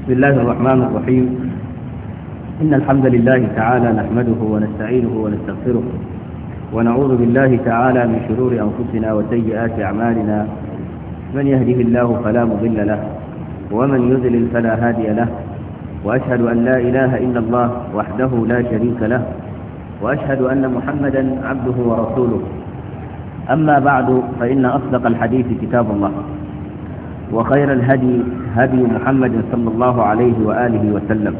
بسم الله الرحمن الرحيم إن الحمد لله تعالى نحمده ونستعينه ونستغفره ونعوذ بالله تعالى من شرور أنفسنا وسيئات أعمالنا من يهده الله فلا مضل له ومن يذلل فلا هادي له وأشهد أن لا إله إلا الله وحده لا شريك له وأشهد أن محمدا عبده ورسوله أما بعد فإن أصدق الحديث كتاب الله وخير الهدي هدي محمد صلى الله عليه وآله وسلم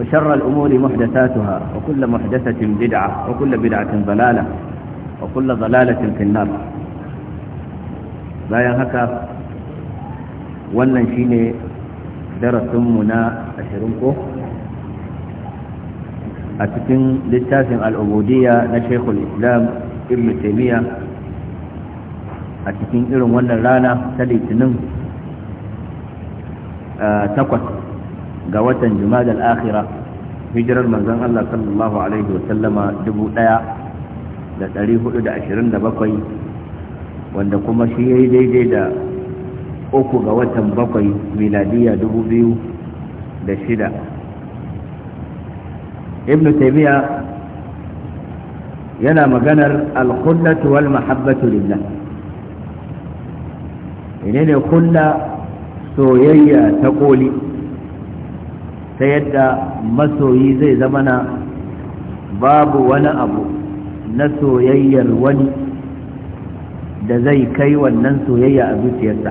وشر الأمور محدثاتها وكل محدثة بدعة وكل بدعة ضلالة وكل ضلالة في النار bayan haka wannan shine darasinmu na ashirin ko a cikin littafin al'ubudiyya na shekul islam ibn taimiyya a cikin irin wannan rana ta litinin takwas ga watan jumadal akhira hijirar manzan Allah sallallahu alaihi wasallama dubu ɗaya da ɗari hudu da ashirin da bakwai wanda kuma shi ya yi daidai da uku ga watan bakwai miladiya dubu biyu da shida ibn taimiyya yana maganar al-khullatu wal mahabbatu lillah ne kulla soyayya ta koli ta yadda masoyi zai zama na babu wani abu na soyayyar wani da zai kai wannan soyayya a zuciyarsa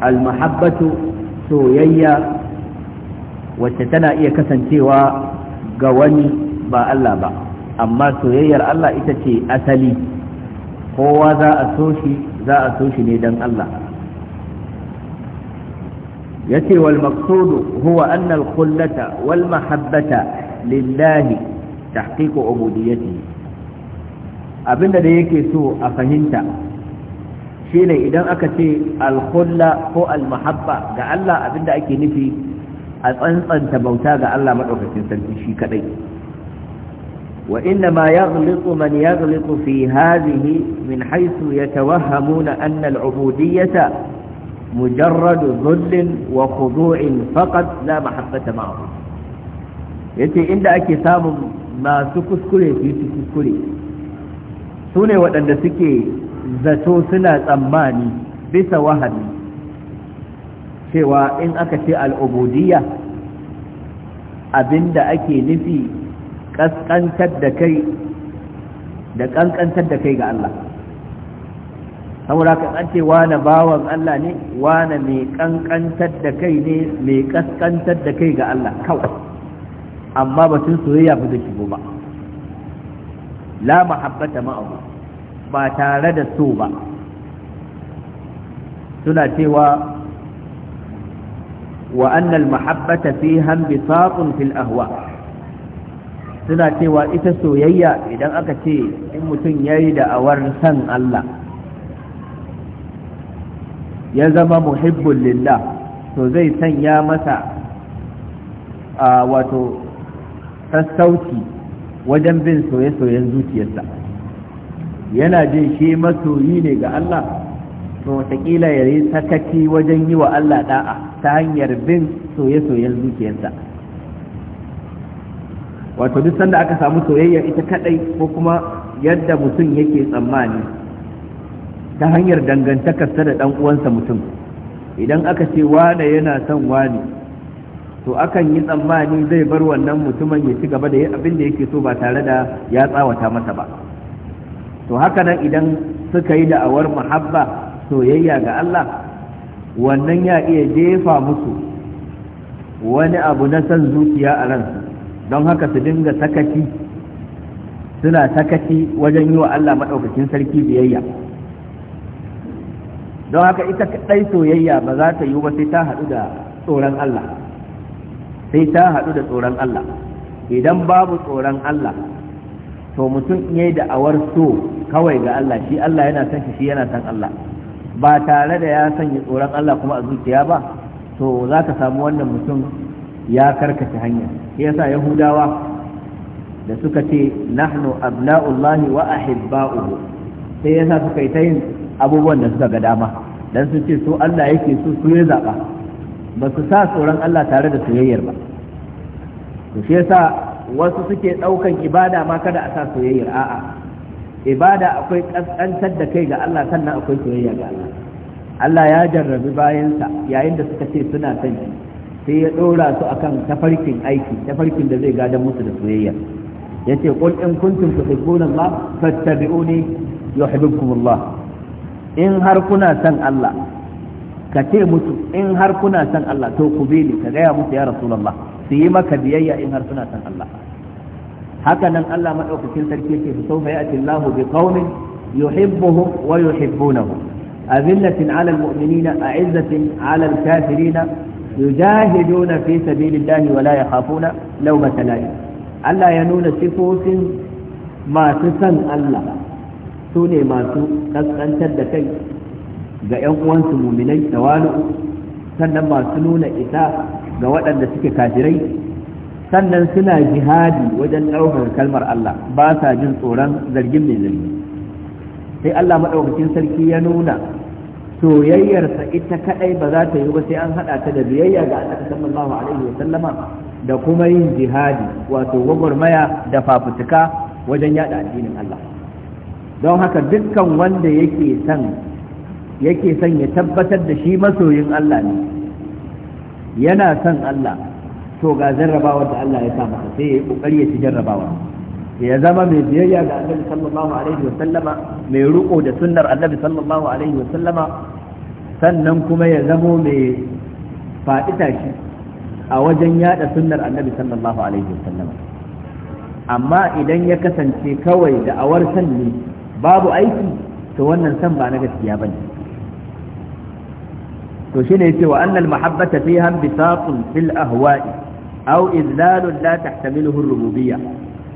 almahabbatu soyayya wacce tana iya kasancewa ga wani ba Allah ba amma soyayyar Allah ita ce asali kowa za a so shi za a so shi ne don Allah yace wal maqsudu huwa anna al khullata wal mahabbata lillahi tahqiqu ubudiyyati abinda da yake so a fahimta shine idan aka ce al khulla ko al mahabba ga Allah abinda ake nufi a tsantsanta bauta ga Allah madaukakin sarki shi kadai man يغلط من يغلط min haisu ya حيث يتوهمون أن ubudiyyata مجرد ذل وخضوع فقط لا محبة معه yace inda ake samun masu kuskure su yi kuskure su ne waɗanda suke zato suna tsammani bisa wahani cewa in aka ce al'ubudiyya abinda ake nufi ƙasƙantar da kai da ƙanƙantar da kai ga Allah saboda ka an ce wane bawan Allah ne wane mai kankantar da kai ne mai kaskantar da kai ga Allah kawai amma batun soyayya ba zai shigo ba la mahabbata ma'ahu ba tare da so ba suna cewa wa annal mahabbata fiha bisaqun fil ahwa suna cewa ita soyayya idan aka ce in mutum yayi da awar san Allah ya zama muhibbul lillah to zai sanya masa a wato sassauci wajen bin soye-soyen zuciyarsa yana jin shi masoyi ne ga Allah to wataƙila ya yi sakaci wajen yi wa Allah da'a ta hanyar bin soye-soyen zuciyarsa wato duk sanda aka samu soyayya ita kadai ko kuma yadda mutum yake tsammani ta hanyar dangantakarsa da ɗan uwansa mutum idan aka ce wane yana son wane to akan yi tsammani zai bar wannan mutumin ya ci gaba da yi abin da yake so ba tare da ya tsawata masa ba to haka nan idan suka yi da'awar muhabba soyayya ga Allah wannan ya iya jefa musu wani abu na son zuciya a ransu don haka su dinga sakaci suna sakaci wajen yi wa Allah maɗaukakin sarki biyayya don haka ita kadai soyayya ba za ta yi ba sai ta haɗu da tsoron Allah sai ta haɗu da tsoron Allah idan babu tsoron Allah to mutum ya da awar so kawai ga Allah shi Allah yana son shi yana son Allah ba tare da ya sanya tsoron Allah kuma a zuciya ba to za ka samu wannan mutum ya karkace hanya shi yasa yahudawa da suka ce nahnu abna'ullahi wa ahibba'uhu sai yasa suka yi ta yin abubuwan da suka ga dama dan sun ce su Allah yake so su ya zaba ba su sa tsoron Allah tare da soyayyar ba to shi yasa wasu suke daukan ibada ma kada a sa soyayyar a'a ibada akwai kaskantar da kai ga Allah sannan akwai soyayya ga Allah Allah ya jarrabi bayansa yayin da suka ce suna son shi sai ya dora su akan tafarkin aiki tafarkin da zai gada musu da soyayya yace qul in kuntum tuhibbuna Allah fattabi'uni yuhibbukum Allah in har kuna san Allah ka ce musu in har kuna san Allah to ku bi ni ka gaya musu ya rasulullah su yi maka biyayya in har kuna san Allah haka nan Allah madaukakin sarki yake su saufa ya'ti Allahu bi qaumin yuhibbuhum wa yuhibbunahum azillatin 'ala al-mu'minina a'izzatin 'ala al-kafirina yujahiduna fi sabilillahi wa la yakhafuna lawmata la'im Allah ya nuna sifofin masu san Allah su ne masu kaskantar da kai ga 'yan uwansu muminai da wani sannan masu nuna ita ga waɗanda suke kafirai sannan suna jihadi wajen ɗaukar kalmar Allah ba sa jin tsoron zargin mai zargi sai Allah maɗaukacin sarki ya nuna soyayyarsa ita kaɗai ba za ta yi ba sai an haɗa ta da biyayya ga Allah sallallahu alaihi wa sallama da kuma yin jihadi wato gwagwarmaya da fafutuka wajen yaɗa addinin Allah don haka dukkan wanda yake son yake son ya tabbatar da shi masoyin Allah ne yana son Allah to ga jarrabawa da Allah ya sa masa sai ya yi kokari ya ci jarrabawa ya zama mai biyayya ga Annabi sallallahu alaihi wa sallama mai riko da sunnar Annabi sallallahu alaihi wa sallama sannan kuma ya zamo mai faɗi tashi a wajen yada sunnar Annabi sallallahu alaihi wa sallama amma idan ya kasance kawai da awar sanni babu aiki to wannan san ba na gaskiya ne to shine cewa wa annal mahabbata fiha bisaqun fil ahwa'i aw izlalun la tahtamiluhu ar-rububiyya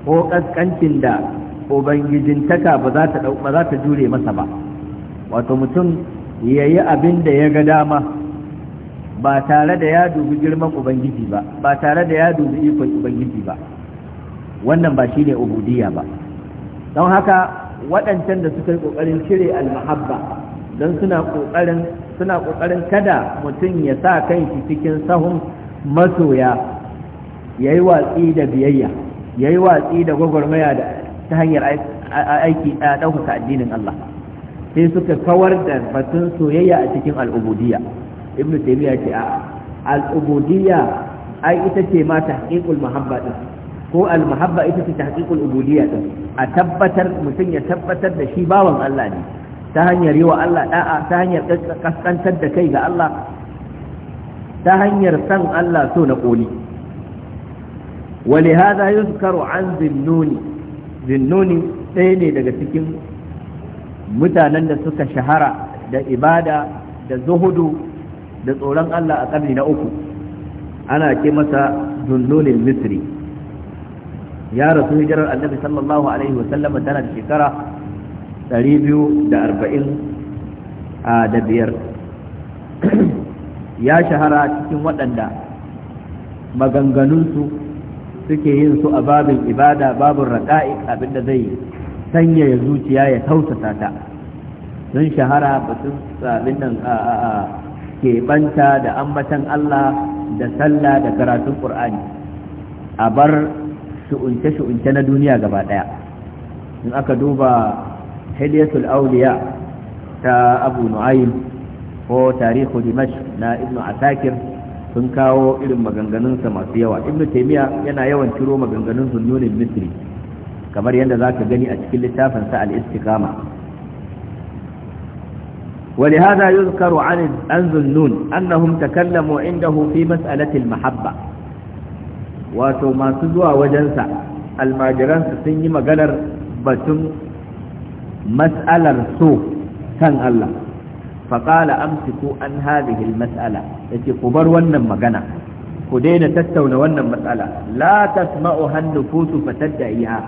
ko kaskancin da ubangijintaka ba za ta ba za ta jure masa ba wato mutum yayi abin da ya ga dama ba tare da ya dubi girman ubangiji ba ba tare da ya dubi ikon ubangiji ba wannan ba shine ubudiyya ba don haka waɗancan da suka yi ƙoƙarin cire almahabba don suna ƙoƙarin suna ƙoƙarin kada mutum ya sa kanshi cikin sahun masoya ya yi watsi da biyayya ya yi watsi da gwagwarmaya ta hanyar aiki a ɗaukaka addinin Allah sai suka kawar da batun soyayya a cikin al'ubudiyya ibnu taymiya ce a al'ubudiyya ai ita ce ma tahqiqul mahabba din ko almuhabba ita ce tahqiqul ubudiyya din a tabbatar mutum ya tabbatar da shi bawan Allah ne ta hanyar yi wa Allah da'a ta hanyar kaskantar da kai ga Allah ta hanyar san Allah so na koli ولهذا يذكر عن ذنوني ذنوني ɗaya ne daga cikin mutanen da suka shahara da ibada da zuhudu da tsoron Allah a ƙarni na uku ana ce masa zunnunin misri ya rasu hijirar annabi sallallahu alaihi wa sallama tana da shekara 240 a da biyar ya shahara cikin waɗanda maganganunsu suke yin su a babin ibada babin raƙa'i abinda zai sanyaya zuciya ya tausasa ta sun shahara batun abin nan a keɓanta da ambatan Allah da sallah da karatun ƙur'ani a bar shu'unce-shu'unce na duniya gaba ɗaya in aka duba hiliyatul auliya ta abu nu'ayin ko tarihu dimash na ibn asakir sun kawo irin maganganunsa masu yawa ibn taimiya yana yawan ciro maganganun zunnunin misri kamar yadda za ka gani a cikin littafinsa al-istiqama ولهذا يذكر عن an ذنون أنهم تكلموا عنده في مسألة mahabba wato masu zuwa wajensa almajiransa sun yi maganar batun mas'alar so kan Allah faƙala amsiku an hadhihi mas'ala yace ku bar wannan magana ku daina tattauna wannan matsala la tasma'u hannu fusu fatadda'iha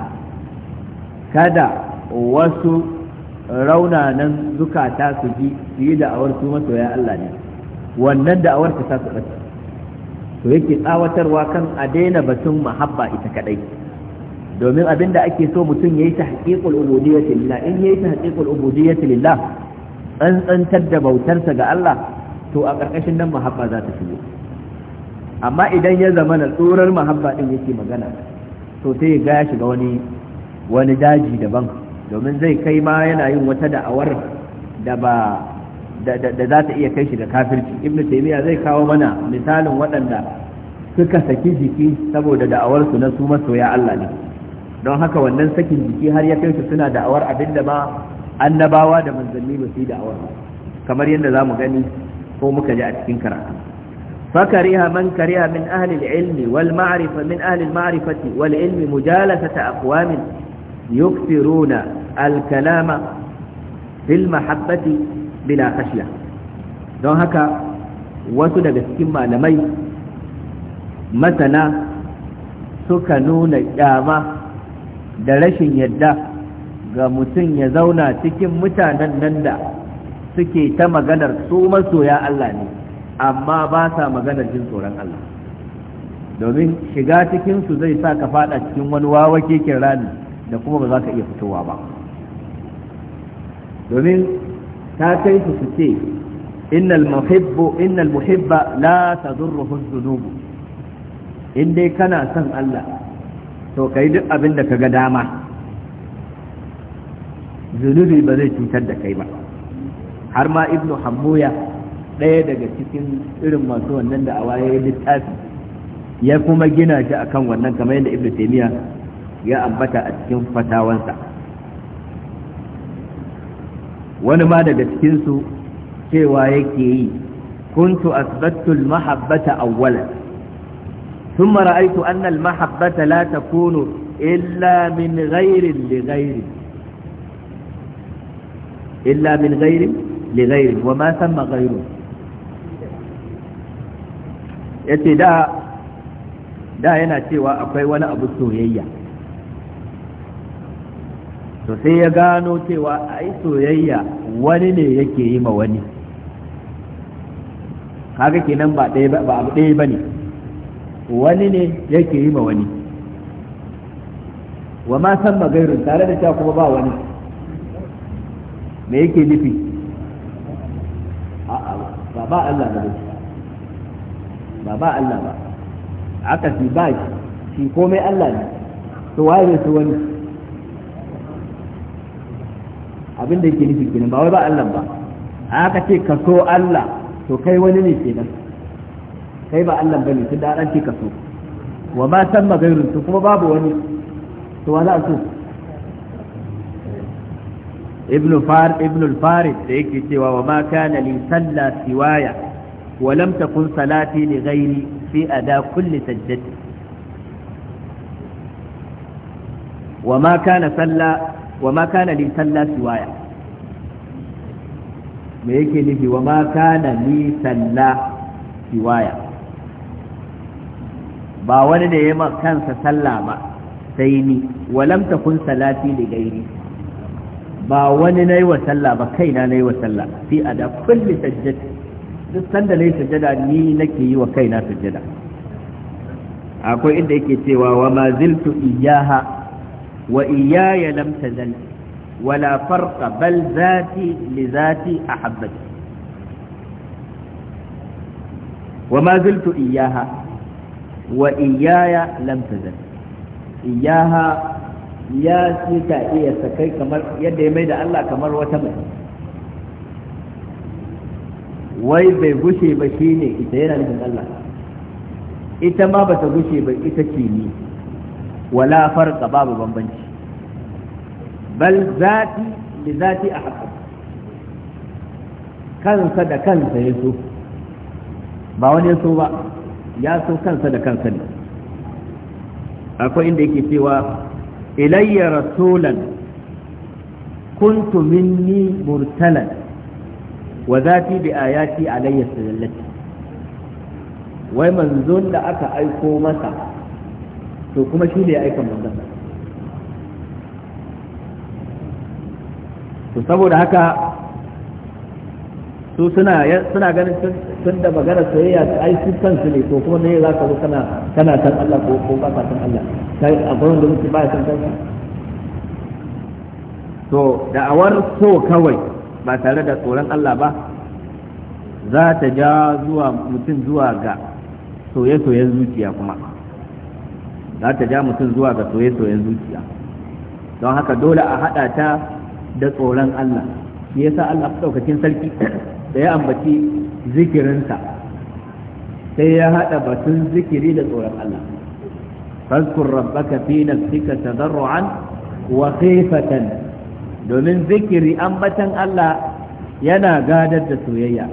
kada wasu raunanan zukata su ji su yi da'awar su masoya Allah ne wannan da'awar ta su to yake tsawatarwa kan a daina batun mahabba ita kadai domin abin da ake so mutum yayi ta haqiqul ubudiyyati lillah in yayi ta haqiqul ubudiyyati lillah tsantsantar da bautarsa ga Allah to a ƙarƙashin nan mahabba za ta shigo amma idan ya zama na tsorar mahabba din yake magana to sai ya gaya shiga wani wani daji daban domin zai kai ma yana yin wata da'awar da ba da za ta iya kai shi da kafirci ibn taymiya zai kawo mana misalin waɗanda suka saki jiki saboda da'awarsu na su masoya Allah ne don haka wannan sakin jiki har ya kai su suna da'awar abinda ba annabawa da manzanni ba su yi da'awar kamar yadda za mu gani ko muka ji a cikin karatu min من كره wal أهل العلم والمعرفة من أهل المعرفة والعلم مجالسة أقوام al الكلام fil المحبة bila kashiya don haka wasu daga cikin malamai masana suka nuna kyama da rashin yadda ga mutum ya zauna cikin mutanen nan da suke ta maganar su masoya Allah ne amma ba sa maganar jin tsoron Allah domin shiga cikinsu zai sa ka fada cikin wani wawa kekin rani da kuma ba za ka iya fitowa ba domin ta kai su su ce innal muhibbu innal muhibba la tadurruhu dhunubu in dai kana son Allah to kai duk abin da ga dama zunubi ba zai cutar da kai ba har ma ibnu hammuya ɗaya daga cikin irin masu wannan da awaye littafi ya kuma gina shi akan wannan kamar yadda ibnu taymiya ya ambata a cikin fatawansa wani ma daga cikinsu cewa yake yi kuntu asbattu al-mahabbata awwalan thumma ra'aytu anna al-mahabbata la takunu illa min ghayri li ghayri illa min ghayri ma thamma ghayru yace da da yana cewa akwai wani abu soyayya to sai ya gano cewa ai soyayya wani ne yake yi ma wani kaga kenan ba ɗaya ba ne, ɗaya wani ne yake yi ma wani wa ma san magairun tare da cewa kuma ba wani me yake nufi a'a ba ba Allah ba ba ba Allah ba aka fi ba shi komai Allah ne to waye ne su wani abin da yake nufi kenan ba wai ba Allah ba aka ce ka so Allah to kai wani ne kenan kai ba Allah bane tunda an ce ka so wa ma san gairun to kuma babu wani to wa za a so ibnu far ibnu farid da yake cewa wa ma kana li salla siwaya wa lam takun salati li ghairi fi ada kulli sajdati wa ma kana salla wa ma kana li salla siwaya me yake nufi wa ma kana li salla siwaya ba wani da ya kansa sallah ba sai ni walam takun salati da gairi ba wani na yi wa sallah ba kaina na yi wa sallah fi a da kulli sajjata duk sanda na yi sajjada ni nake yi wa kaina sajjada akwai inda yake cewa wa ma iyaha wa iyaya lam wala farqa bal zati li zati ahabbati wa ma ziltu iyaha wa iyaya iyaha ya ce ta Allah kamar wata mai wai bai gushe ba ita yana Allah ita ma ba ta gushe ba ita ce ni wala farqa babu bambanci bal zati li zati ahqqa kansa da kansa ya so ba wani ya so ba ya so kansa da kansa ne akwai inda yake cewa ilayya rasulan kuntu minni murtalan wa da bi ayati alayya sallati wai manzon da aka aiko masa to kuma shi ne ya aika manzon to saboda haka su suna ganin sun da magana soyayya ai su kansu ne to kuma ne za ka zo kana kana san Allah ko ko ba ka san Allah sai a gurin da mutum ba ya san kansa to awar so kawai ba tare da tsoron Allah ba za ta ja zuwa mutum zuwa ga soye-soyen zuciya kuma za ta ja mutum zuwa ga soye-soyen zuciya don haka dole a haɗa ta da tsoron Allah shi yasa Allah ɗaukakin sarki da ya ambaci zikirinsa sai ya haɗa batun zikiri da tsoron Allah fazkur rabbaka fi nafsika tadarruan wa khifatan domin zikiri ambatan Allah yana gadar da soyayya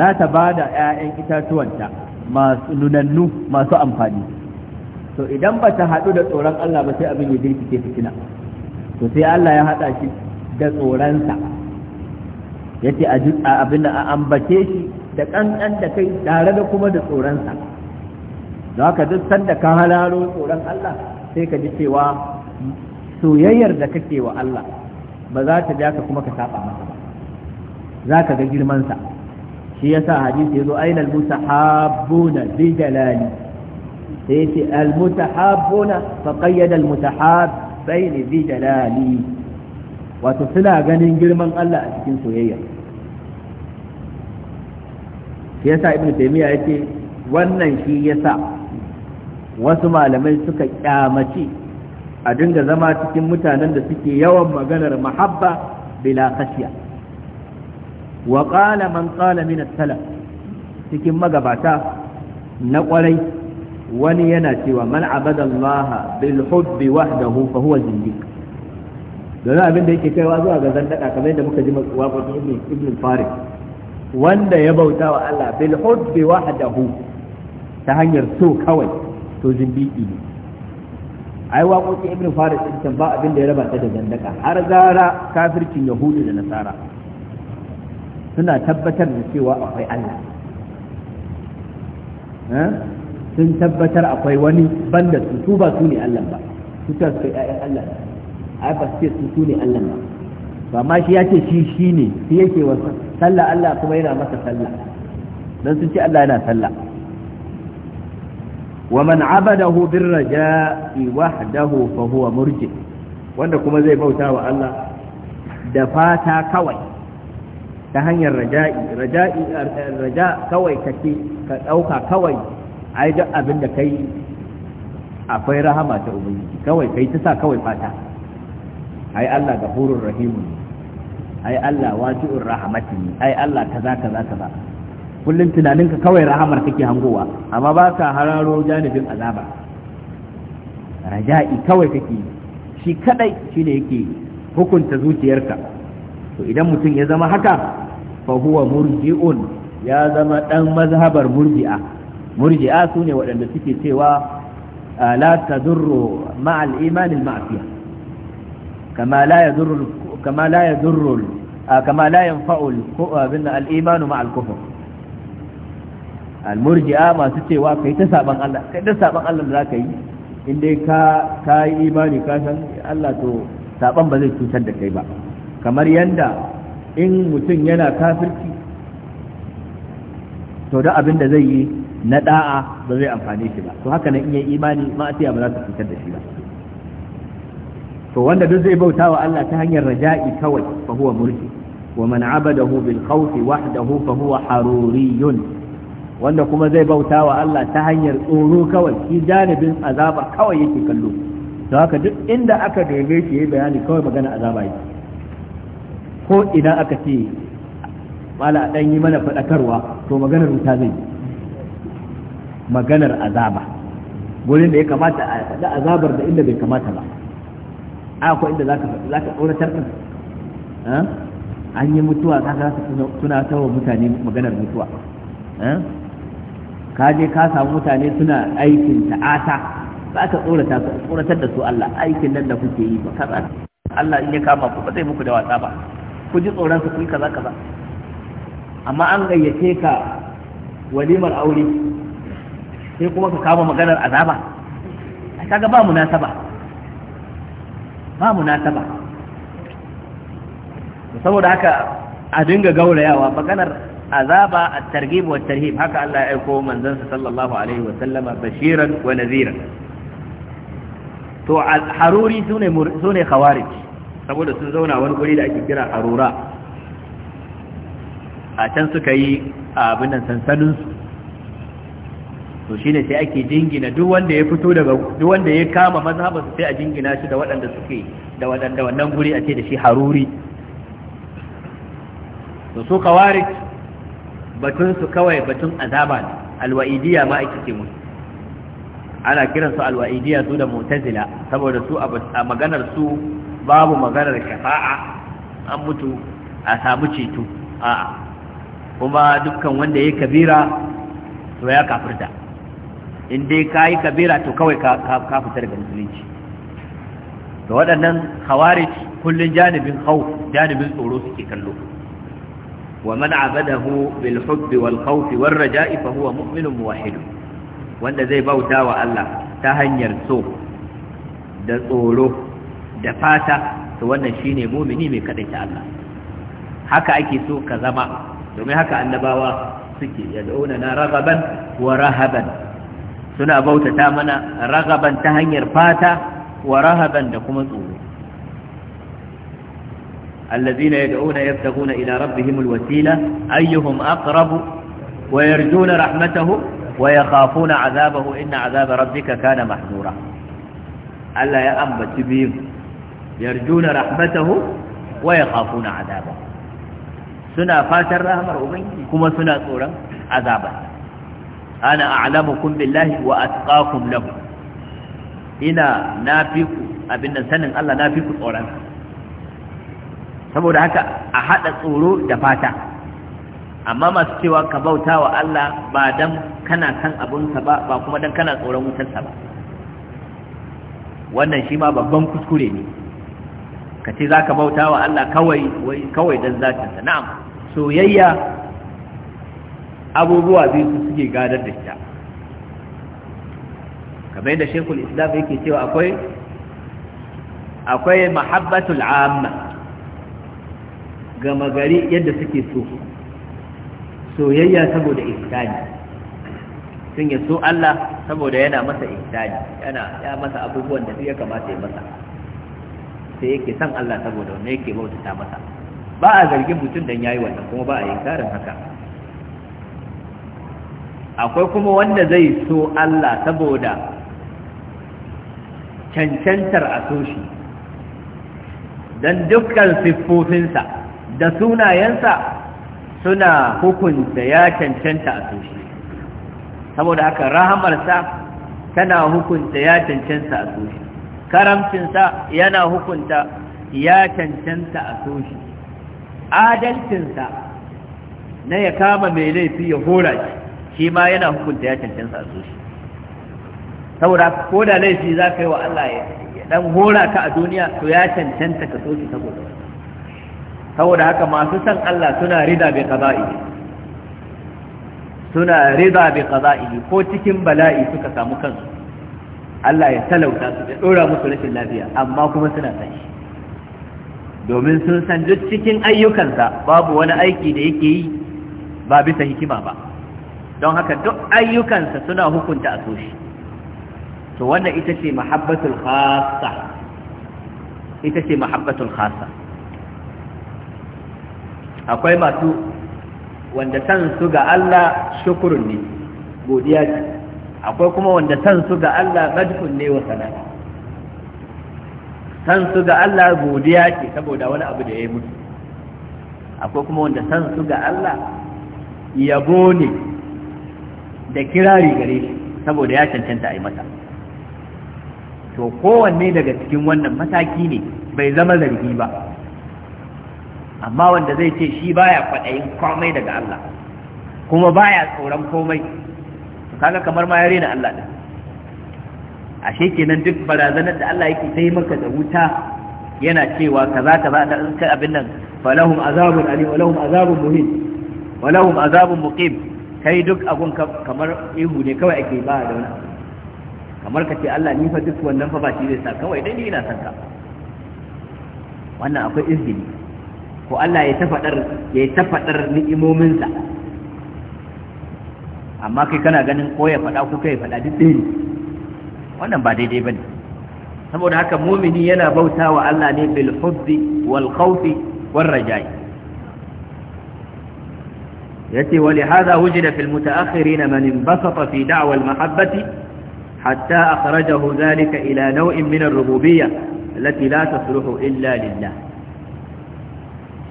za ta ba da 'ya'yan itatuwanta masu nunannu masu amfani to idan ba ta haɗu da tsoron Allah ba sai abin ya jirkice fitina to sai Allah ya haɗa shi da tsoronsa ya ce a abin da a ambace shi da ƙanƙan da kai tare da kuma da tsoronsa za ka duk sanda ka halaro tsoron Allah sai ka ji cewa soyayyar da kake wa Allah ba za ta ja ka kuma ka saba masa ba za ka ga girmansa shi yasa hadisi ya zo ainal musahabuna bi jalali sai ce mutahabuna fa qayyada almutahabbain bi jalali wato suna ganin girman Allah a cikin soyayya shi yasa ibnu taymiya yace wannan shi yasa wasu malamai suka kyamaci a dinga zama cikin mutanen da suke yawan maganar mahabba bila khashiya wa qala man qala min as-salaf cikin magabata na kwarai wani yana cewa man abada Allah bil hubbi wahdahu fa huwa zindiq don abin da yake kaiwa zuwa ga zandaka kamar yadda muka ji waƙoƙin ibn ibn farid wanda ya bauta wa Allah bil hubbi wahdahu ta hanyar so kawai to zindiqi ne ai waƙoƙin ibn farid din can ba abin da ya raba ta da zandaka har gara kafircin yahudi da nasara suna tabbatar da cewa akwai Allah eh? sun tabbatar akwai wani banda su su ba su ne Allah ba su ta su ƴaƴan Allah ai ba su ce su su ne Allah ba Ba ma shi ya ce shi shi ne shi yake wa sallah Allah kuma yana masa sallah dan sun ce Allah yana sallah wa man abadahu birraja'i wahdahu fa huwa murji wanda kuma zai bauta wa Allah da fata kawai ta hanyar raja'i raja'i raja kawai kake ka dauka kawai ai duk abin da kai akwai rahama ta ubangiji kawai kai ta sa kawai fata ai Allah gafurur rahimun ai Allah wasi'ur ne. ai Allah kaza kaza kaza kullum tunaninka kawai rahamar kake hangowa amma ba ka hararo janibin azaba raja'i kawai kake shi kadai shine yake hukunta zuciyarka to idan mutum ya zama haka fa huwa murji'un ya zama dan mazhabar murji'a murji'a su ne waɗanda suke cewa ah, la tadurru ma'al iman al ma'siya kama la yadurru kama la yadurru ah, kama la yanfa'u al iman ma'al kufr al murji'a masu cewa kai ta saban Allah kai ta saban Allah da zaka yi in dai ka ka yi imani ka san Allah to saban ba zai cutar da kai ba kamar yanda in mutum yana kafirci to da abin da zai yi na da'a ba zai amfane shi ba to haka nan in yi imani ma'asiya ba za ta fitar da shi ba to wanda duk zai bauta wa Allah ta hanyar raja'i kawai fa huwa murji wa man abadahu bil khawfi wahdahu fa huwa haruriyun wanda kuma zai bauta wa Allah ta hanyar tsoro kawai shi janibin azaba kawai yake kallo to haka duk inda aka dame shi yayi bayani kawai magana azaba yake ko idan aka ce mala dan yi mana fadakarwa to maganar ta zai yi maganar azaba gurin da ya kamata a da azabar da inda bai kamata ba a akwai inda zaka zaka tsoratar din eh? an yi mutuwa ka za su tuna ta wa mutane maganar mutuwa eh? ka je ka samu mutane suna aikin ta'ata za ka tsorata su tsoratar da su Allah aikin nan da kuke yi ba kaza Allah in ya kama ku ba zai muku da wasa ba ku ji tsoron su ku yi kaza kaza amma an gayyace ka walimar aure sai kuma ka kama maganar azaba ai kaga ba munasaba ba munasaba saboda haka a dinga gaurayawa maganar azaba at-targhib wa tarhib haka Allah ya aiko manzon sa sallallahu alaihi wa sallama bashiran wa nadhiran to haruri sune sune khawarij saboda sun zauna wani guri da ake kira harura a can suka yi abin nan sansaninsu to shine sai ake jingina duk wanda ya fito daga duk wanda ya kama mazhabar sai a jingina shi da waɗanda suke da waɗanda wannan guri a ce da shi haruri to su kawarij batun su kawai batun azaba ne alwa'idiyya ma ake ce musu ana kiran su alwa'idiyya su da mu'tazila saboda su a maganar su babu maganar shafa'a an mutu a samu ceto a'a kuma dukkan wanda ya kabira to ya kafirta in dai ka yi kabira to kawai ka fita daga musulunci da waɗannan khawarij kullun janibin khawf janibin tsoro suke kallo wa man abadahu bil hubb wal khawf war raja'i fa huwa mu'minun muwahhid wanda zai bauta wa Allah ta hanyar so da tsoro da fata to wannan shine mu'mini mai kadaita Allah haka ake so ka zama domin haka annabawa suke yad'una na ragaban wa rahaban suna bautata mana ragaban ta hanyar fata wa rahaban da kuma tsoro الذين يدعون يبتغون إلى ربهم الوسيلة أيهم أقرب ويرجون رحمته ويخافون عذابه إن عذاب ربك كان محذورا ألا يا أمة بهم يرجون رحمته ويخافون عذابه سنة فاتر رحمة أمين كما سنة صورة عذابه ana a'lamukum billahi wa atqakum lahu ina nafiku abin sanin Allah nafiku tsoron saboda haka a hada tsoro da fata amma masu cewa ka bauta wa Allah ba dan kana kan abunka ba ba kuma dan kana tsoron wutarsa ba wannan shi ma babban kuskure ne ka ce za ka bauta wa Allah kawai kawai don zatinsa na'am soyayya abubuwa biyu su suke gadar da shi kamar da shekul islam yake cewa akwai akwai mahabbatul amma gama gari yadda suke so soyayya saboda ihsani sun yi so Allah saboda yana masa ihsani yana ya masa abubuwan da ya kamata ya masa sai yake san Allah saboda wannan yake bauta masa ba a zargin mutum dan yayi wannan kuma ba a yi karin haka akwai kuma wanda zai so Allah saboda cancantar a so don dukkan siffofinsa da sunayensa suna hukunta ya cancanta a so shi saboda haka rahamarsa tana hukunta ya cancanta a so karamcinsa yana hukunta ya cancanta a so adalcinsa na ya kama mai laifi ya hora shi shi ma yana hukunta ya cancanta a zuci saboda ko da laifi za ka yi wa Allah ya dan hora ka a duniya to ya cancanta ka so shi saboda saboda haka masu san Allah suna rida bi qada'i suna rida bi qada'i ko cikin bala'i suka samu kansu Allah ya talauta su ya dora musu rashin lafiya amma kuma suna san shi domin sun san duk cikin ayyukansa babu wani aiki da yake yi ba bisa hikima ba don haka duk ayyukansa suna hukunta a soshi to wannan ita ce mahabbatul khassa ita ce mahabbatul khassa akwai masu wanda san su ga Allah shukurun ne godiya ce akwai kuma wanda san su ga Allah badhun ne wa sana san su ga Allah godiya ce saboda wani abu da ya yi musu akwai kuma wanda san su ga Allah yabo ne da kirari gare shi saboda ya cancanta a yi masa to kowanne daga cikin wannan mataki ne bai zama zargi ba amma wanda zai ce shi baya kwaɗayin komai daga Allah kuma baya tsoron komai to kaga kamar ma ya rena Allah din ashe kenan duk barazanar da Allah yake yi maka da wuta yana cewa kaza kaza da in kai abin nan falahum azabun alim walahum azabun walahum azabun muqim kai duk abun kamar ihu ne kawai ake ba da wani kamar ka ce Allah nifa duk wannan fa ba shi zai sa kawai dai ni ina son ka wannan akwai izini ko Allah ya tafadar ya tafadar ni'imominsa amma kai kana ganin ko ya fada ko kai fada duk dai wannan ba daidai bane saboda haka mumini yana bautawa Allah ne bil hubbi wal khawfi war raja'i yace wa lihada wujida fil mutaakhirin man inbasata fi da'wa al mahabbati hatta akhrajahu dhalika ila naw'in min ar-rububiyyah allati la tasluhu illa lillah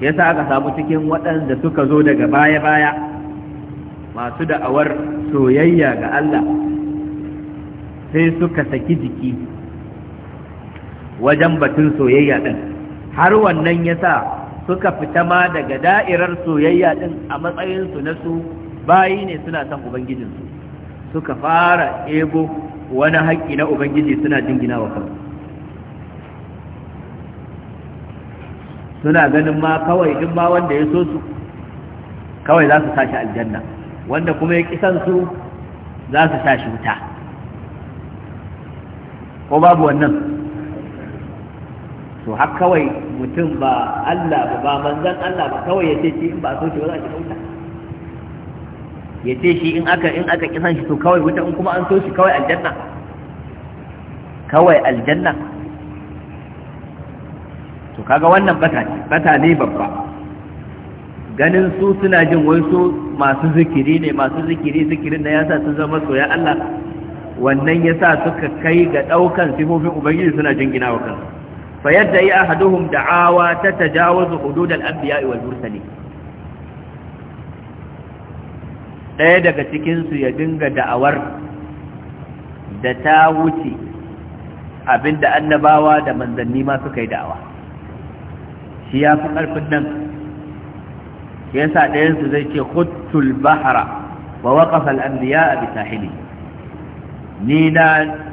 yasa ka samu cikin waɗanda suka zo daga baya-baya masu da'awar soyayya ga Allah sai suka saki jiki wajen batun soyayya ɗin har wannan yasa suka fita ma daga da'irar soyayya din a matsayinsu na su bayi ne suna son ubangijinsu suka fara ego wani haƙƙi na ubangiji suna jingina wa kansu suna ganin ma kawai duk ma wanda ya so su kawai za su tashi aljanna wanda kuma ya kisan su za su tashi wuta ko babu wannan to har kawai mutum ba Allah ba ba manzan Allah ba kawai ya ce shi in ba so shi ba za a shiga wuta ya ce shi in aka in aka kisan shi to kawai wuta in kuma an so shi kawai aljanna kawai aljanna to kaga wannan bata ne bata ne babba ganin su suna jin wai su masu zikiri ne masu zikiri zikirin da ya sa sun zama soya Allah wannan ya sa suka kai ga daukan sifofin ubangiji suna jingina wa kansu fa yadda yi ahaduhum da'awa ta tajawazu hududal anbiya wal ɗaya daga cikin su ya dinga da'awar da ta wuce abinda annabawa da manzanni ma suka yi da'awa shi ya fi ƙarfin nan yasa sa ɗayansu zai ce khuttul bahra wa waqafa a anbiya bi sahili ni na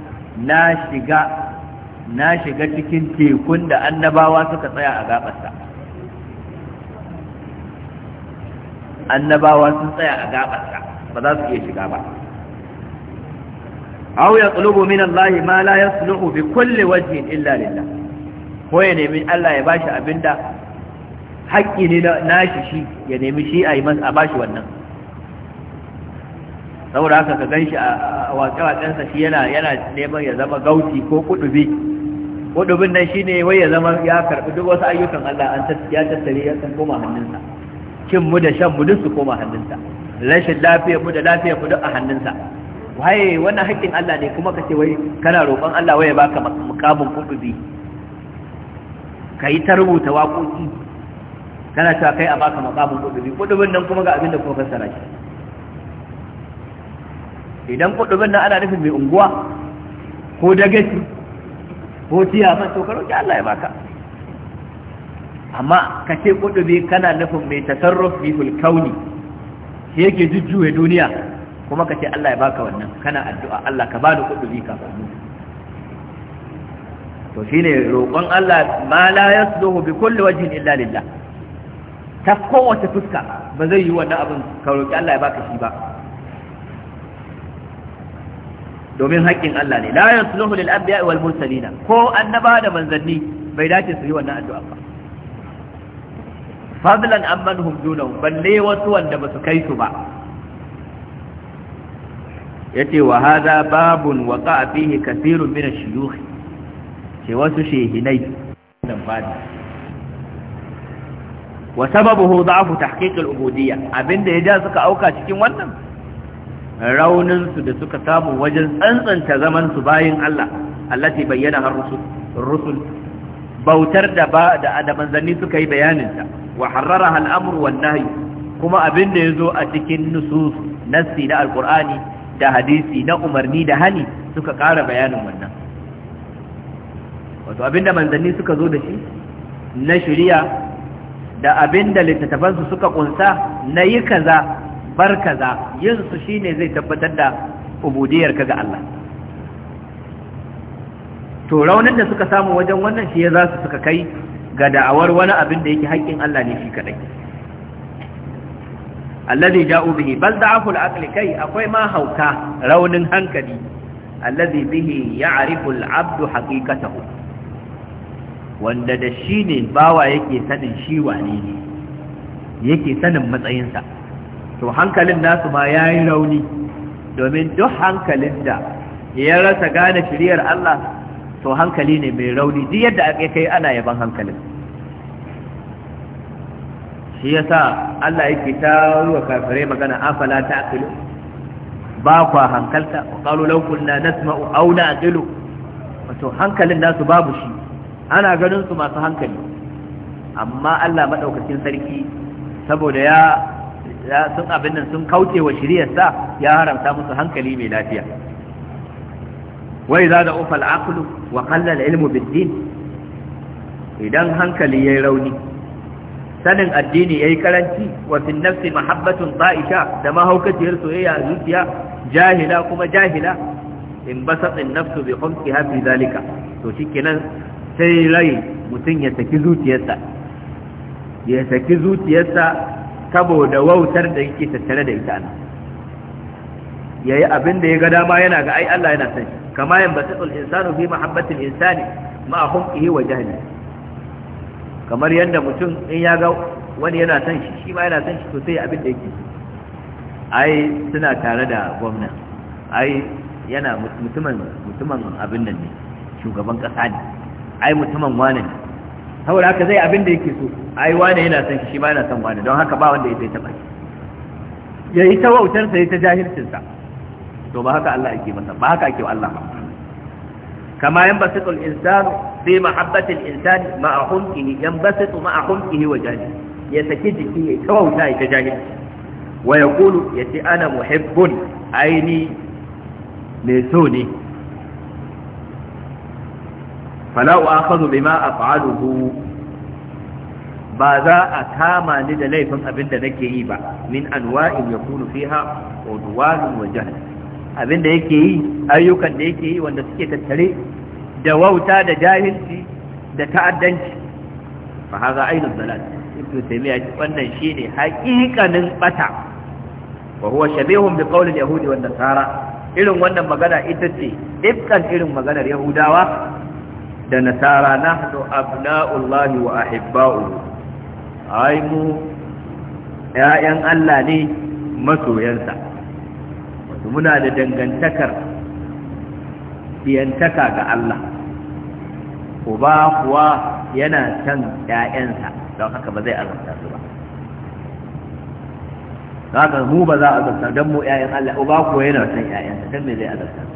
shiga na shiga cikin tekun da annabawa suka tsaya a gabarsa annabawa sun tsaya a gabarsa ba za su iya shiga ba aw yatlubu min Allah ma la yasluhu bi kulli wajhin illa lillah ko ya nemi Allah ya bashi abinda haƙƙi ne na shi shi ya nemi shi a yi masa bashi wannan saboda haka ka ganshi a waƙe-waƙensa shi yana yana neman ya zama gauti ko kudubi hudubin nan ne wai ya zama ya karbi duk wasu ayyukan Allah an ya tattari ya san koma hannunsa cin mu da shan mu duk su koma hannunsa rashin lafiya mu da lafiya mu duk a hannunsa waye wannan haƙƙin Allah ne kuma kace wai kana roƙon Allah wai ya baka mukamin kudubi kai ta rubuta waƙoƙi kana cewa kai a baka mukamin kudubi kudubin nan kuma ga abinda kuma fassara shi idan kudubin nan ana nufin mai unguwa ko dagaci ko tiya man to karo ki Allah ya baka amma kace ce kudubi kana nufin mai tasarruf fil kauni shi yake jujjuwe duniya kuma kace Allah ya baka wannan kana addu'a Allah ka bani kudubi ka mu to shine roƙon Allah ma la yasduhu bi kulli wajhin illa lillah ta kowace fuska ba zai yi wannan abin ka roƙi Allah ya baka shi ba domin haƙƙin Allah ne la yasluhu lil anbiya wal mursalina ko annaba da manzanni bai dace su yi wannan addu'a ba fadlan amman hum dunahum balle wasu wanda basu kai su ba yace wa hadha babun waqa'a fihi kathirun min ash-shuyukh ce wasu shehinai dan fadi wa sababuhu da'fu tahqiq al-ubudiyya abinda ya ja suka auka cikin wannan rauninsu da suka samu wajen tsantsanta zaman su bayin Allah allati bayyana har rusul bautar da ba da da manzanni suka yi bayaninta wa harraraha al-amr wan nahy kuma abin da yazo a cikin nusus nassi na alqur'ani da hadisi na umarni da hani suka ƙara bayanin wannan wato abin da manzanni suka zo da shi na shari'a da abin da littattafansu suka kunsa na yi kaza bar kaza yin su shine zai tabbatar da ubudiyar ka ga Allah to raunin da suka samu wajen wannan shi ya za su suka kai ga da'awar wani abin da yake haƙƙin Allah ne shi kadai allazi ja'u bihi bal da'afu al'aqli kai akwai ma hauka raunin hankali allazi bihi ya'rifu al haqiqatahu wanda da shi ne bawa yake sanin shi wane ne yake sanin matsayinsa to hankalin nasu ma ya yi rauni domin duk hankalin da ya rasa gane shiriyar Allah to hankali ne mai rauni duk yadda aka kai ana yaban hankalin shi ya sa Allah yake ta ruwa kafirai magana afala ta akilu ba kwa hankalta qalu laukun na nasma'u a na'qilu wato hankalin nasu babu shi ana ganin su masu hankali amma Allah maɗaukacin sarki saboda ya ya sun abin nan sun kauce wa shiriyarsa ya haramta musu hankali mai lafiya wai za da ufal aklu wa qalla ilmu bid idan hankali yayi rauni sanin addini yayi karanci wa fi nafsi mahabbatun ta'isha da mahaukaciyar soyayya a zuciya jahila kuma jahila in basatin nafsu bi khumqiha fi zalika to shikenan sai rai mutun ya saki zuciyarsa ya saki zuciyarsa saboda wautar da yake tattare da ita Ya yayi abin da ya ga dama yana ga ai Allah yana san shi kama yan batul insanu fi mahabbatil insani ma humqihi wa jahli kamar yadda mutum in ya ga wani yana san shi shi ma yana san shi to sai abin da yake ai suna tare da gwamna ai yana mutumin mutumin abin nan ne shugaban kasa ne ai mutumin wani ne saboda haka zai abin da yake so ai wane yana son shi ma yana son wane don haka ba wanda ya sai taba shi ya yi ta wautar sa ya ta jahilcin sa to ba haka Allah yake masa ba haka yake Allah ba kama yan basitul insan bi mahabbatil insani ma ahumkihi yan basitu ma ahumkihi wa jahil ya saki jiki ya ta wauta ya ta jahilci wa yaqulu yati ana muhibbun aini mai so ne fala u'akhadhu bima af'aluhu ba za a kama ni da laifin abin da nake yi ba min anwa'in yakunu fiha udwanun wa jahl abin da yake yi ayyukan da yake yi wanda suke tattare da wauta da jahilci da ta'addanci fa haza ainihin dalal ibn taymiya wannan shine haƙiƙanin bata wa huwa shabihun bi qawli al-yahudi wan nasara irin wannan magana ita ce dukkan irin maganar yahudawa da nasara nahnu abna'ullahi wa ahibba'uhu ai mu 'ya'yan Allah ne masoyansa wato muna da dangantakar diyantaka ga Allah uba kuwa yana san ƴaƴansa don haka ba zai azabta su ba haka mu ba za a azabta don mu ƴaƴan Allah uba kuwa yana san ƴaƴansa don me zai azabta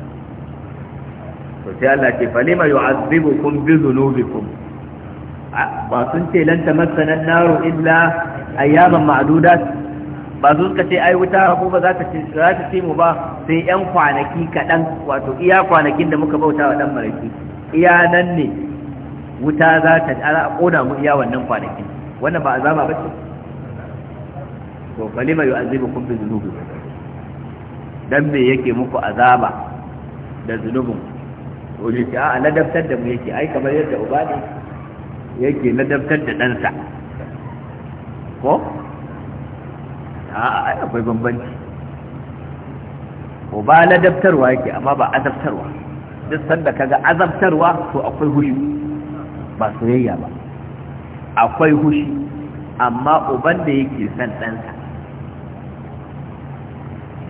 to sai Allah ce falima yu'azzibukum bi dhunubikum ba sun ce lan tamassana an-naru illa ayyaman ma'dudat ba sun ka ce ai wuta ko ba za ta ce za ta ce mu ba sai yan kwanaki kadan wato iya kwanakin da muka bauta wa dan maraki iya nan ne wuta za ta a kona mu iya wannan kwanakin wannan ba azaba ba ce to falima yu'azzibukum bi dhunubikum dan me yake muku azaba da zunubinku wani ce a ladabtar da mu yake ai kamar yadda uba ne yake ladabtar da ɗansa ko a akwai bambanci uba ladabtarwa yake amma ba azabtarwa duk sanda kaga azabtarwa to akwai hushi ba soyayya ba akwai hushi amma uban da yake son ɗansa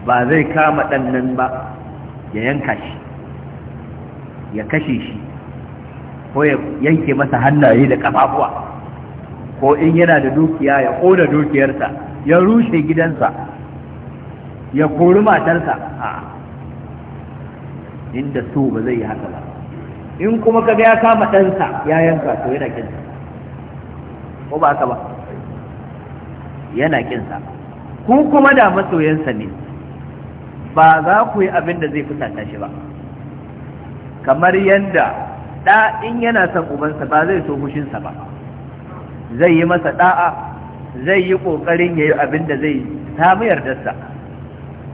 ba zai kama ɗannan ba ya yanka shi ya kashe shi ko ya yanke masa hannaye da kafafuwa ko in yana da dukiya ya ƙona dukiyarsa ya rushe gidansa ya kori matarsa a inda su ba zai yi haka ba in kuma kaga ya kama ɗansa ya yanka to yana kinsa ko ba haka ba yana kinsa ku kuma da masoyansa ne ba za ku yi abin da zai fusata shi ba kamar yanda ɗa in yana son ubansa ba zai so fushinsa ba zai yi masa ɗa'a zai yi ƙoƙarin ya yi abin da zai samu yardarsa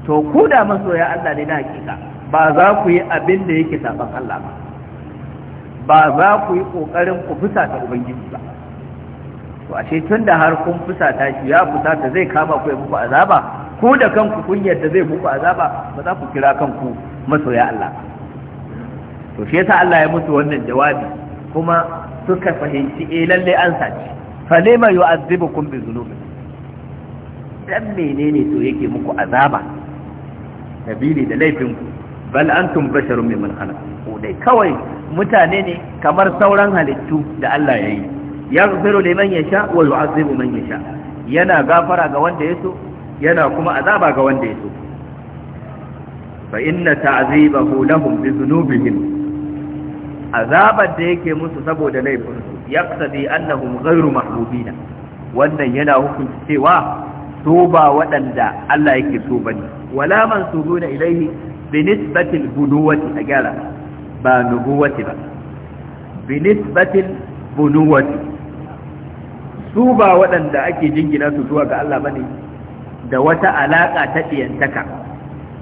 to ku da masoya Allah ne na hakika ba za ku yi abin da yake saban Allah ba ba za ku yi ƙoƙarin ku fusata ubangiji ba to ashe tun da har kun fusata shi ya fusata zai kama ku ya muku azaba ku da kanku kun yarda zai muku azaba ba za ku kira kanku masoya Allah ba to shi yasa Allah ya mutu wannan jawabi kuma suka fahimci eh lalle an sace falima yu'azzibukum bi dhunubi dan menene to yake muku azaba sabili da laifin ku bal antum basharun mimman khalaq ko dai kawai mutane ne kamar sauran halittu da Allah ya yi yaghfiru liman yasha wa yu'azzibu man yasha yana gafara ga wanda ya so yana kuma azaba ga wanda ya so fa inna ta'zibahu lahum bi dhunubihim azabar da yake musu saboda laifinsu ya yaqtadi annahum ghayru mahbubina wannan yana hukunci cewa su ba waɗanda Allah yake so ba bane wala mansubuna ilaihi binisbati al a gyara? ba nubuwati ba binisbati al-bunuwati su ba waɗanda ake jingina su zuwa ga Allah ba ne? da wata alaƙa ta tsiyantaka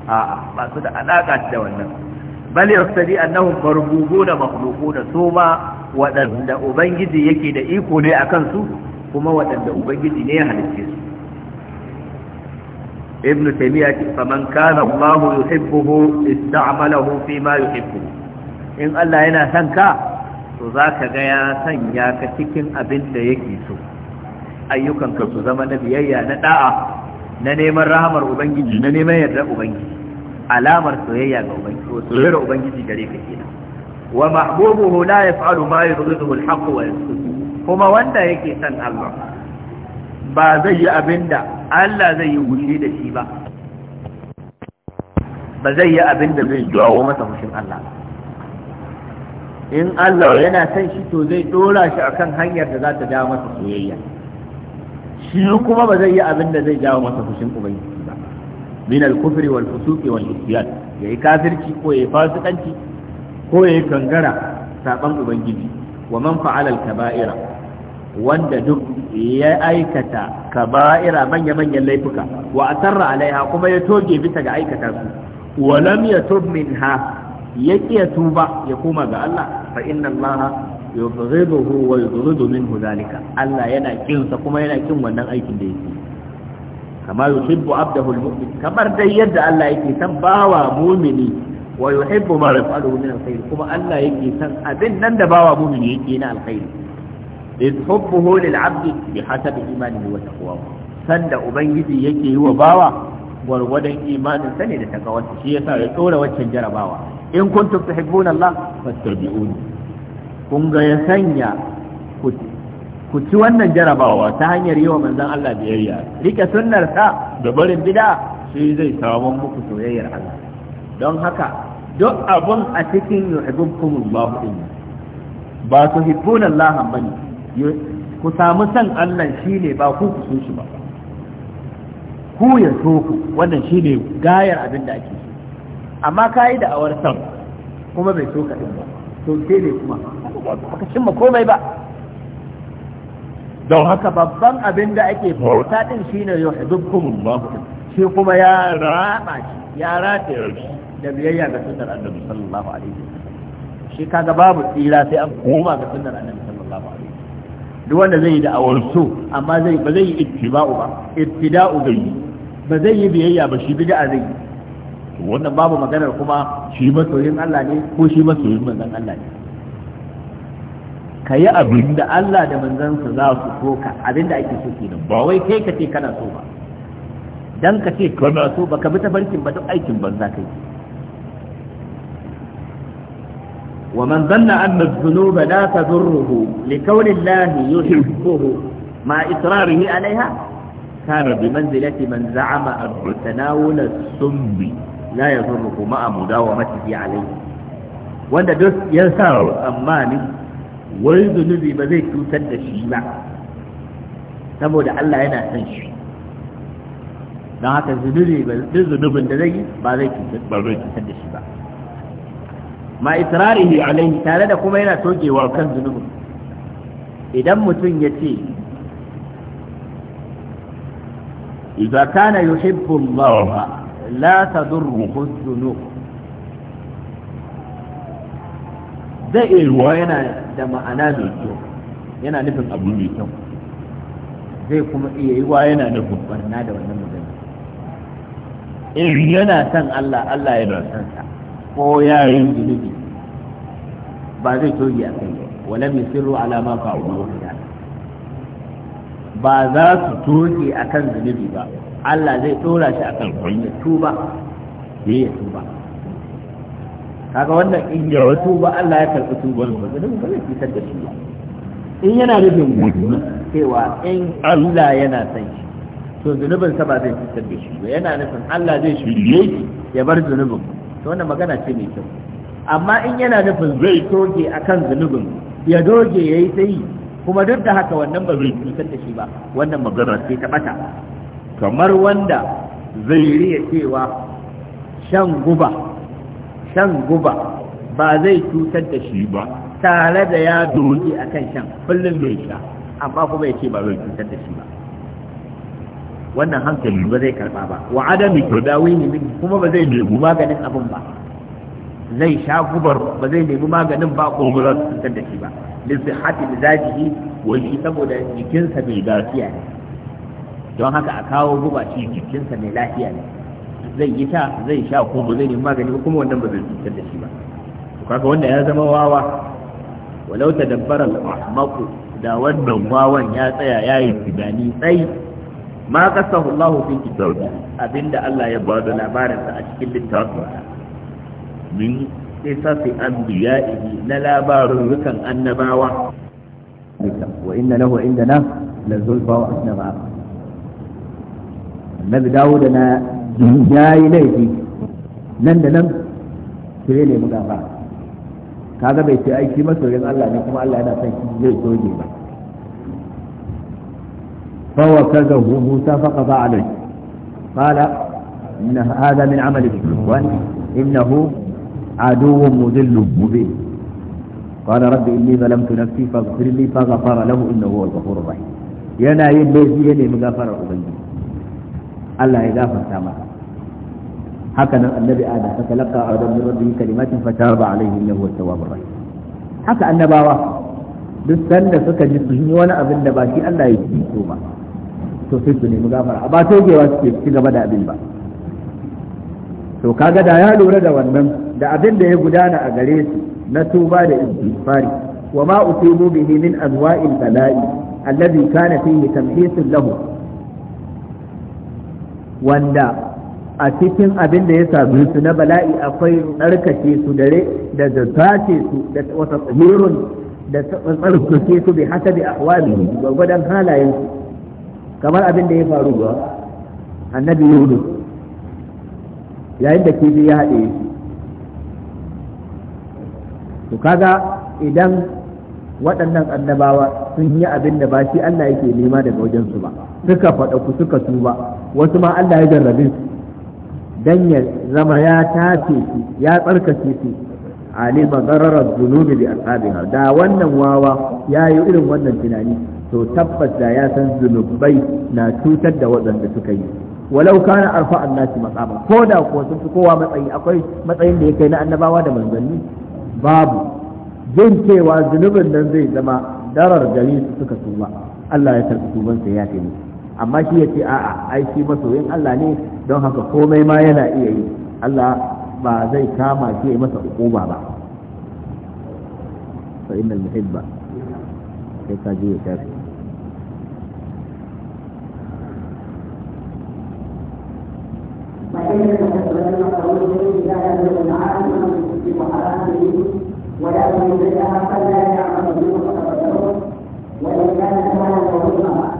a'a ba su da alaka da wannan bal yastadi annahum marbubuna da suma wadanda ubangiji yake da iko ne akan su kuma wadanda ubangiji ne ya halicce su ibn taymiya faman kana allah yuhibbuhu ista'malahu fi ma yuhibbu in allah yana son ka to zaka ga ya sanya ka cikin abin da yake so ayyukan ka su zama na biyayya na da'a na neman rahamar ubangiji na neman yardar ubangiji alamar soyayya ga ubangiji soyayyar ubangiji gare ka kenan wa mahbubuhu la yaf'alu ma yuridu al-haqq wa yasud kuma wanda yake son Allah ba zai yi abinda Allah zai yi gushi da shi ba ba zai yi abinda zai jawo masa fushin Allah in Allah yana son shi to zai dora shi akan hanyar da za ta jawo masa soyayya shi kuma ba zai yi abinda zai jawo masa fushin ubangiji min al-kufri wal fusuqi wal isyan yayi kafirci ko yayi fasikanci ko yayi kangara saban ubangiji wa man fa'ala al-kaba'ira wanda duk ya aikata kaba'ira manya manyan laifuka wa atarra alaiha kuma ya toge bisa ga aikata su wa lam yatub minha ya ya tuba ya koma ga Allah fa inna Allah yubghiduhu wa yubghidu minhu zalika Allah yana kinsa kuma yana kin wannan aikin da yake kama kamar dai yadda Allah yake san bawa mu'mini wa yuhibbu ma yafaluhu min alkhairi kuma Allah yake san abin nan da bawa mu'mini yake na alkhair iz hubbuhu lil 'abdi bihasabi imanihi wa taqwahu sanda ubangiji yake yi wa bawa gwargwadon imanin sa ne da takawarsa shi sa ya tsora waccan jarabawa in kuntum tuhibbuna Allah fattabi'uni kun ga ya sanya ku ku ci wannan jarabawa ta hanyar yi wa manzan Allah biyayya rike sunnar da barin bid'a shi zai samu muku soyayyar Allah don haka duk abun a cikin Allahu in ba su hibbuna Allah bane ku samu san Allah shine ba ku ku shi ba ku ya so ku wannan shine gayar abin da ake amma kai da awar san kuma bai so ka din ba to sai ne kuma baka cimma komai ba don haka babban abin da ake bauta din shine yuhibbukumullah shi kuma ya raba shi ya rata shi da biyayya ga sunnar annabi sallallahu alaihi wasallam shi kaga babu tsira sai an koma ga sunnar annabi sallallahu alaihi wasallam duk wanda zai yi da so amma zai ba zai yi ittiba'u ba ittida'u zai yi ba zai yi biyayya ba shi bid'a zai yi wannan babu maganar kuma shi masoyin Allah ne ko shi masoyin manzon Allah ne ka yi abin da Allah da manzansa za su so ka abin da ake so kenan ba wai kai ka ce kana so ba don ka ce kana so ba ka bi tafarkin ba duk aikin banza kai ومن ظن أن الذنوب لا تضره لكون الله يحبه مع إصراره عليها كان بمنزلة من زعم أن تناول السم wa يضره مع Wanda duk وأن sa يسار أماني wai zunubi ba zai cutar da shi ba saboda Allah yana son shi don haka zunubi ba duk zunubin da zai ba zai cutar da shi ba ma israrihi alaihi tare da kuma yana tokewa kan zunubin idan mutum ya ce idza kana yuhibbu Allah la tadurruhu dhunub zai iya yana da ma'ana mai kyau yana nufin abu mai kyau zai kuma iya yi wa yana nufin barna da wannan magana in yana son Allah Allah ya rasan sa ko ya yin zunubi ba zai toge a kai wala mai sirru alama fa'ulu ba za su toge akan zunubi ba Allah zai dora shi akan kunya tuba ya tuba kaga wannan in ya wato ba Allah ya karɓi tuban ba zai ba zai fitar da shi ba in yana nufin cewa in Allah yana san shi to zunubin sa ba zai fitar da shi ba yana nufin Allah zai shirye shi ya bar zunubin to wannan magana ce mai kyau amma in yana nufin zai toge akan zunubin ya doge yayi sai kuma duk da haka wannan ba zai fitar da shi ba wannan magana ce ta bata kamar wanda zai riya cewa shan guba shan guba ba zai cutar da shi ba tare da ya doki a kan shan kullum bai sha amma kuma ya ce ba zai cutar da shi ba wannan hankali ba zai karba ba wa adami tudawi ne kuma ba zai nemi maganin abin ba zai sha gubar ba zai nemi maganin ba ko ba za su cutar da shi ba lissi hati da zaji wani saboda jikinsa mai lafiya ne don haka a kawo guba shi jikinsa mai lafiya ne zai yi ta zai sha ko ba zai nemi magani kuma wannan ba zai cutar da shi ba to kaga wanda ya zama wawa walau tadabbara al-ahmaq da wannan wawan ya tsaya ya yi tunani tsayi ma qasahu Allah fi kitabi abinda Allah ya bada labarin sa a cikin littafin min qisafi anbiya'ihi na labarin rukan annabawa wa inna lahu indana la zulfa wa asnaba annabi dawuda na ya yi laifi nan da nan sai ya nemi gafara kaga bai ce aiki masu masoyin Allah ne kuma Allah yana son shi zai soje ba fawa kaza hu Musa fa qada alai qala inna hadha min amali wa innahu aduwwun mudillun mubin قال رب إني ظلمت نفسي فاغفر لي فغفر له إنه huwa الغفور الرحيم yana yin laifi ya nemi gafarar ubangiji Allah ya gafarta masa haka nan annabi adam fa talaqa adam min rabbihi kalimatin fa tarba alaihi innahu at-tawwabur rahim haka annabawa duk sanda suka ji sun yi wani abin da ba shi Allah ya yi so ba to sai su nemi gafara ba togewa suke ci gaba da abin ba to kaga da ya lura da wannan da abin da ya gudana a gare su na tuba da istighfari wa ma utibu bihi min azwa'il bala'i alladhi kana fihi tamhisun lahu wanda a cikin abin da ya same su na bala'i akwai tsarkake su dare da da su da wata tsamirun da tsarkake su bi hasabi ahwali gwagwadon halayen su kamar abin da ya faru ba annabi yudu yayin da ke ya haɗe su kaga idan waɗannan annabawa sun yi abin da ba shi Allah yake nema daga wajen su ba suka faɗa suka tuba wasu ma Allah ya jarrabe su dan ya zama ya tace su ya tsarkake su alima dararar zunubi bi ashabiha da wannan wawa ya yi irin wannan tunani to tabbas da ya san zunubai na cutar da waɗanda suka yi walau kana arfa annasi maqama ko da ko sun fi kowa matsayi akwai matsayin da ya kai na annabawa da manzanni babu jin cewa zunubin nan zai zama darar gari su suka tuba Allah ya karɓi tubansa ya taimaka amma shi ya ce a'a ai shi masoyin Allah ne don haka komai ma yana iya yi Allah ba zai kama shi ya masa hukuma ba fa innal muhibba sai ka ji ya tafi فلا يعمل به كان كان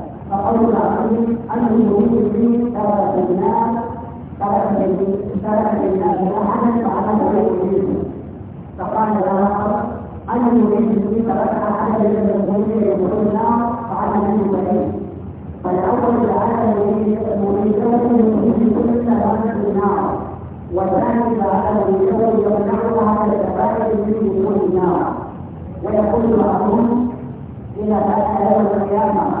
فقول العظيم انه يؤمن ترك الناس ترك ترك الناس احدا فعمل غيره فقال الاخر انه يؤمن ترك احدا من المؤمنين يدخل النار فعمل منه غيره فالاول جعله مؤمنه يؤمن كل ترك النار والثاني جعله مؤمنه يمنعها على الكفاره في دخول النار ويقول العظيم الى ذلك يوم القيامه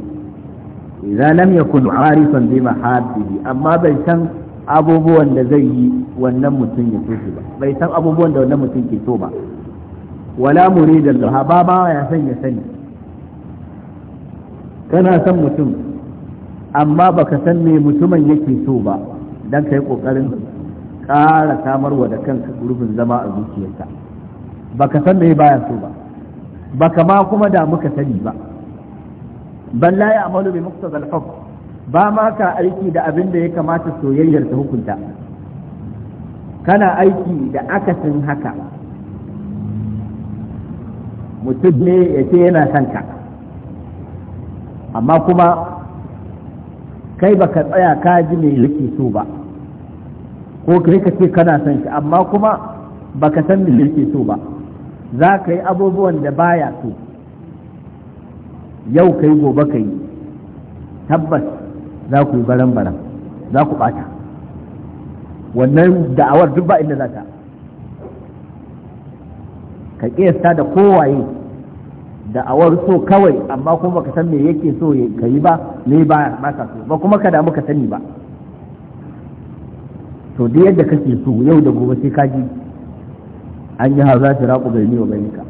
idza lam yakun arifan bi mahabbihi amma bai san abubuwan da zai yi wannan mutum ya so ba bai san abubuwan da wannan mutum ke so ba wala muridan laha ba ba ya san ya sani kana san mutum amma baka san me mutumin yake so ba dan kai kokarin ƙara samarwa da kanka gurbin zama a zuciyarka baka san me baya so ba baka ma kuma da muka sani ba bal la ya'malu bi muqtada al ba ma ka aiki da abin da ya kamata soyayyar ta hukunta kana aiki da akasin haka mutum ne ya ce yana son ka amma kuma kai baka tsaya ka ji me yake so ba ko kai ka ce kana son shi amma kuma baka san me yake so ba za ka yi abubuwan da baya so yau kai gobe kai tabbas za ku yi baran baran za ku bata wannan da'awar duk ba inda za ta ka kesa da kowaye da'awar so kawai amma kuma ka san me yake so ka yi ba ne ba ba ka so ba kuma ka damu ka sani ba to duk yadda kake so yau da gobe sai ka ji an yi haza raƙu raku gani wa gani ka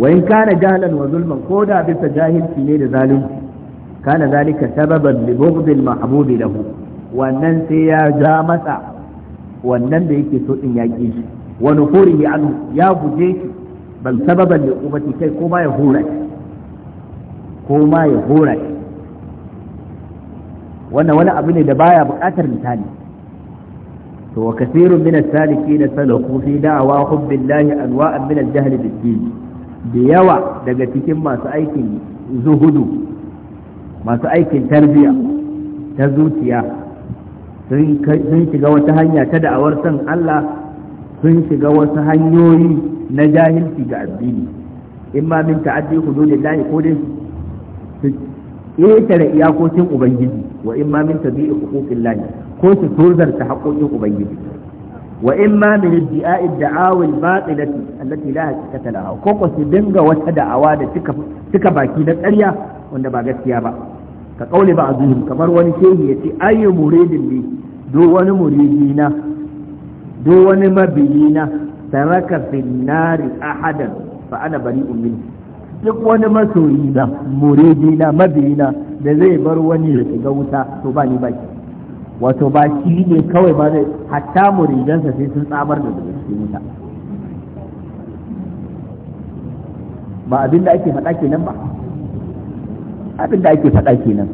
wa in kana jahlan wa zulman ko da bisa jahilci ne da zalunci kana zalika sababan li bughdil mahbubi lahu wannan sai ya ja masa wannan da yake so din ya ki shi wa ya guje shi bal sababan li ubati kai ko ma ya hura wannan wani abu ne da baya buƙatar misali to wa kasirun min as-salikin da'wa hubbillahi anwa'an min al-jahl da yawa daga cikin masu aikin zuhudu masu aikin tarbiya ta zuciya sun shiga wata hanya ta da'awar san Allah sun shiga wasu hanyoyi na jahilci ga addini in ma min ta'addi hududillahi ko dai su ƙetare iyakokin ubangiji wa in ma min tabi'i huquqillahi ko su turzarta haƙoƙin ubangiji wa imma min idda'i da'awi al-batilati allati la haqiqata laha ko ko su dinga wata da'awa da cika cika baki da ƙarya wanda ba gaskiya ba ka kauli ba azuhum kamar wani shehi yace ayyu muridin bi do wani muridina do wani mabiyina taraka fi nari ahadan fa ana duk wani masoyina muridina mabiyina da zai bar wani ya shiga wuta to ba ba wato ba shi ne kawai ba zai hatta muridansa sai sun tsamar da daga cikin wuta ba abin da ake faɗa kenan ba abin da ake faɗa kenan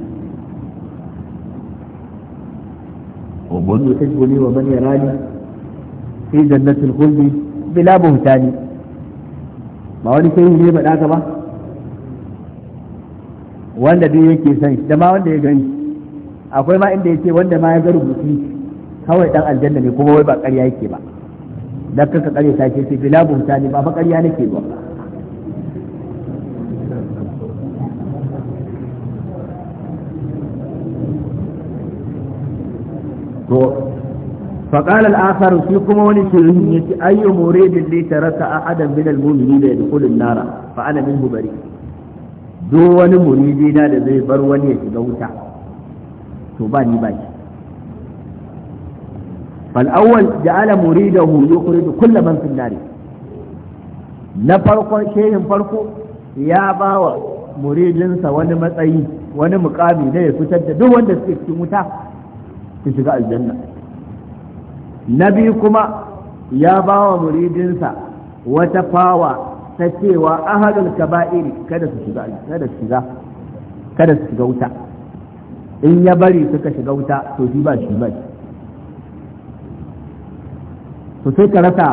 wa man yuhibbuni wa man yarani fi jannatil khuldi bila buhtani ba wani sai ne faɗa ka ba wanda duk yake son da ma wanda ya gani akwai ma inda yace wanda ma ya ga rubutu kawai dan aljanna ne kuma wai ba ƙarya yake ba dan kanka ƙarya ta ce bila buhtani ba fa ƙarya nake ba to فقال الآخر فيكم da أي مريد لي ترك أحدا من المؤمنين يدخل النار فأنا منه بريء دون bar لذي بروني shiga wuta. to ba ni ba ki fal da ja'ala muridahu yukhrij kull man fi an na farkon shehin farko ya ba wa muridinsa wani matsayi wani mukami na ya fitar da duk wanda suke cikin wuta su shiga aljanna na biyu kuma ya ba wa muridinsa wata fawa ta cewa ahadul kaba'iri kada su kada su shiga kada su shiga wuta in ya bari suka shiga wuta to shi ba shi ba to sai ka rasa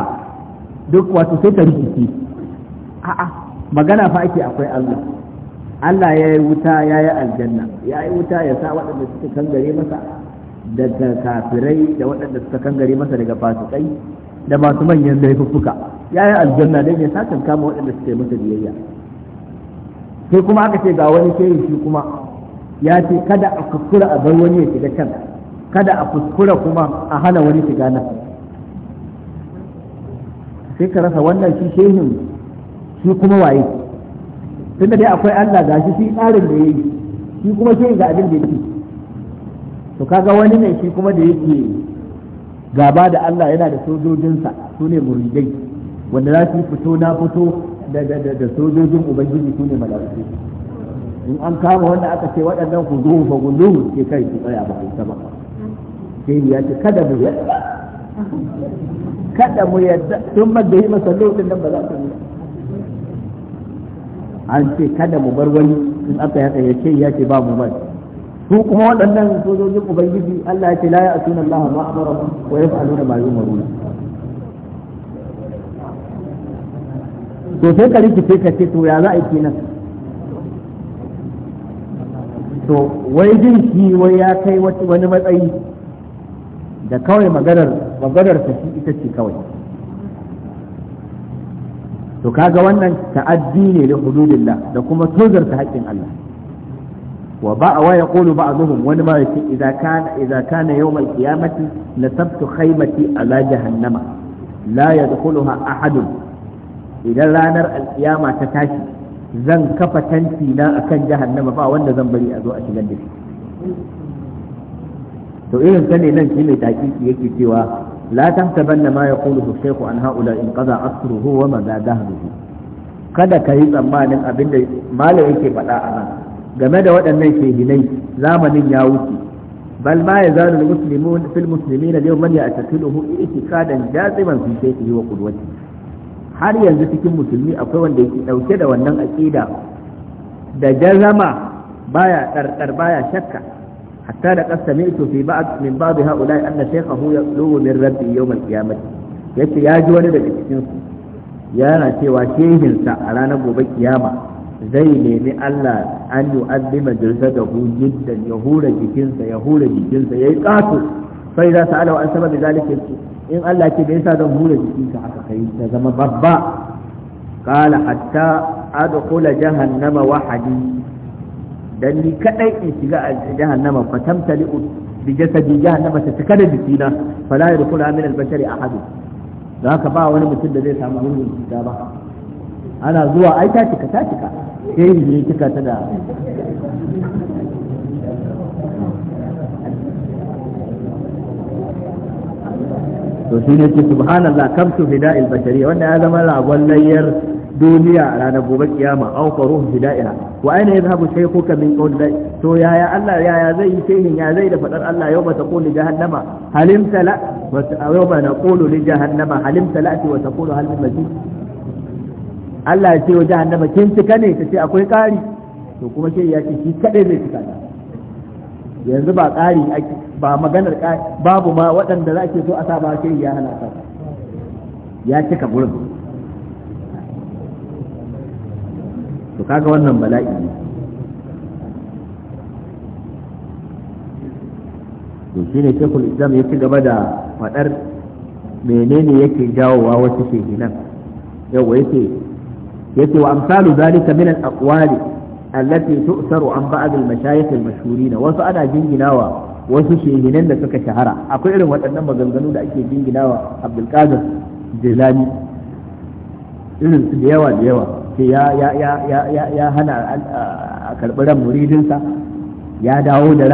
duk wato sai ka rikici a'a magana fa ake akwai Allah Allah ya yi wuta ya yi aljanna ya yi wuta ya sa waɗanda suka kangare masa daga kafirai da waɗanda suka kangare masa daga fasikai da masu manyan laifuffuka ya yi aljanna don ya sa kama waɗanda suka yi masa biyayya sai kuma aka ce ga wani shehi shi kuma ya ce kada a kuskura a bar wani ya shiga can kada a kuskura kuma a hana wani shiga nan sai ka rasa wannan shi shehin shi kuma waye tunda dai akwai Allah gashi shi tsarin da yayi shi kuma shehin ga abin da yake to kaga wani ne shi kuma da yake gaba da Allah yana da sojojinsa su ne muridai wanda za su fito na fito da sojojin ubangiji su ne mala'iku in an kama wanda aka ce waɗannan ku duhu fa gullu ke kai su tsaya ba ku ba sai ya ce kada mu yadda kada mu yadda tun ban da yi masallo din nan ba za su yi an ce kada mu bar wani in aka yaka ya ce ya ce ba mu bari su kuma waɗannan sojojin ubangiji Allah ya ce la sunan Allah ma amara wa ya da ma yumaruna to sai ka rikice ka ce to ya za a yi kenan to wai jin shi wai ya kai wani matsayi da kawai maganar maganar ta shi ita ce kawai to kaga wannan ta'addi ne li hududillah da kuma tozarta haƙƙin Allah wa ba a yaqulu wani ma yace idan kana idza kana yawm al-qiyamati lasabtu khaymati ala jahannama la yadkhuluha ahadun idan ranar alƙiyama ta tashi zan kafa tanti na akan jahannama ba wanda zan bari a zo a shigar da shi to irin sane nan shi mai takiki yake cewa la tahtabanna ma yaquluhu shaykhu an haula in qada asruhu wa ma dahruhu kada ka yi tsammanin da malam yake faɗa a nan game da waɗannan shehinai zamanin ya wuce bal ma ya zalu muslimun fil muslimina al yawm man ya'taqiluhu i'tiqadan jaziman fi shaykhihi wa qudwatihi har yanzu cikin musulmi akwai wanda yake ɗauke da wannan aqida da jazama baya ɗarɗar baya shakka hatta da qad sami'tu fi ba'd min ba'd ha'ula'i anna shaykhahu yaqulu min rabbi yau mai qiyamah yace ya ji wani daga cikin yana cewa shehinsa a ranar gobe kiyama zai nemi Allah an yu'azzima jirsadahu jiddan ya hura jikinsa ya hura jikinsa yayi qato sai za su alawa an sababi zalika in Allah ce bai sa zan hura jikinka haka kai ta zama babba qala hatta adkhula jahannama wahadi dan ni kadai in shiga jahannama fa tamtali bi jasadi jahannama ta cika da jikina fala yadkhula min al-bashari ahad da haka ba wani mutum da zai samu hurin jika ba ana zuwa ai ta cika ta cika sai ne cika ta da to shi ne ce subhanallah kam tu fida'il bashariya wanda ya zama ragon layyar duniya ranar gobe kiyama aw faruhu fida'iha wa aina yadhhabu shaykhuka min qawli to yaya Allah yaya zai yi shehin ya zai da fadar Allah yawma taqulu jahannama halim tala wa yawma naqulu li jahannama halim talati wa taqulu hal min mazid Allah ya ce wa jahannama kin cika ne ta ce akwai kari to kuma shi ya ce shi kadai zai cika yanzu ba ƙari ba maganar babu ma waɗanda za ke so a sa ba shiri ya hana ta ya cika gurin to kaga wannan bala'i ne to shi ne shekul islam ya ci gaba da faɗar menene yake jawowa wasu shehinan yau yake yake wa amsalu zalika min al-aqwali allati tu'saru an ba al-mashayikh al-mashhurin wasu ana jinginawa wasu shehinan da suka shahara akwai irin waɗannan maganganu da ake jinginawa Abdul Qadir Jilani irin su da yawa da yawa ya hana a karɓi ran ya dawo da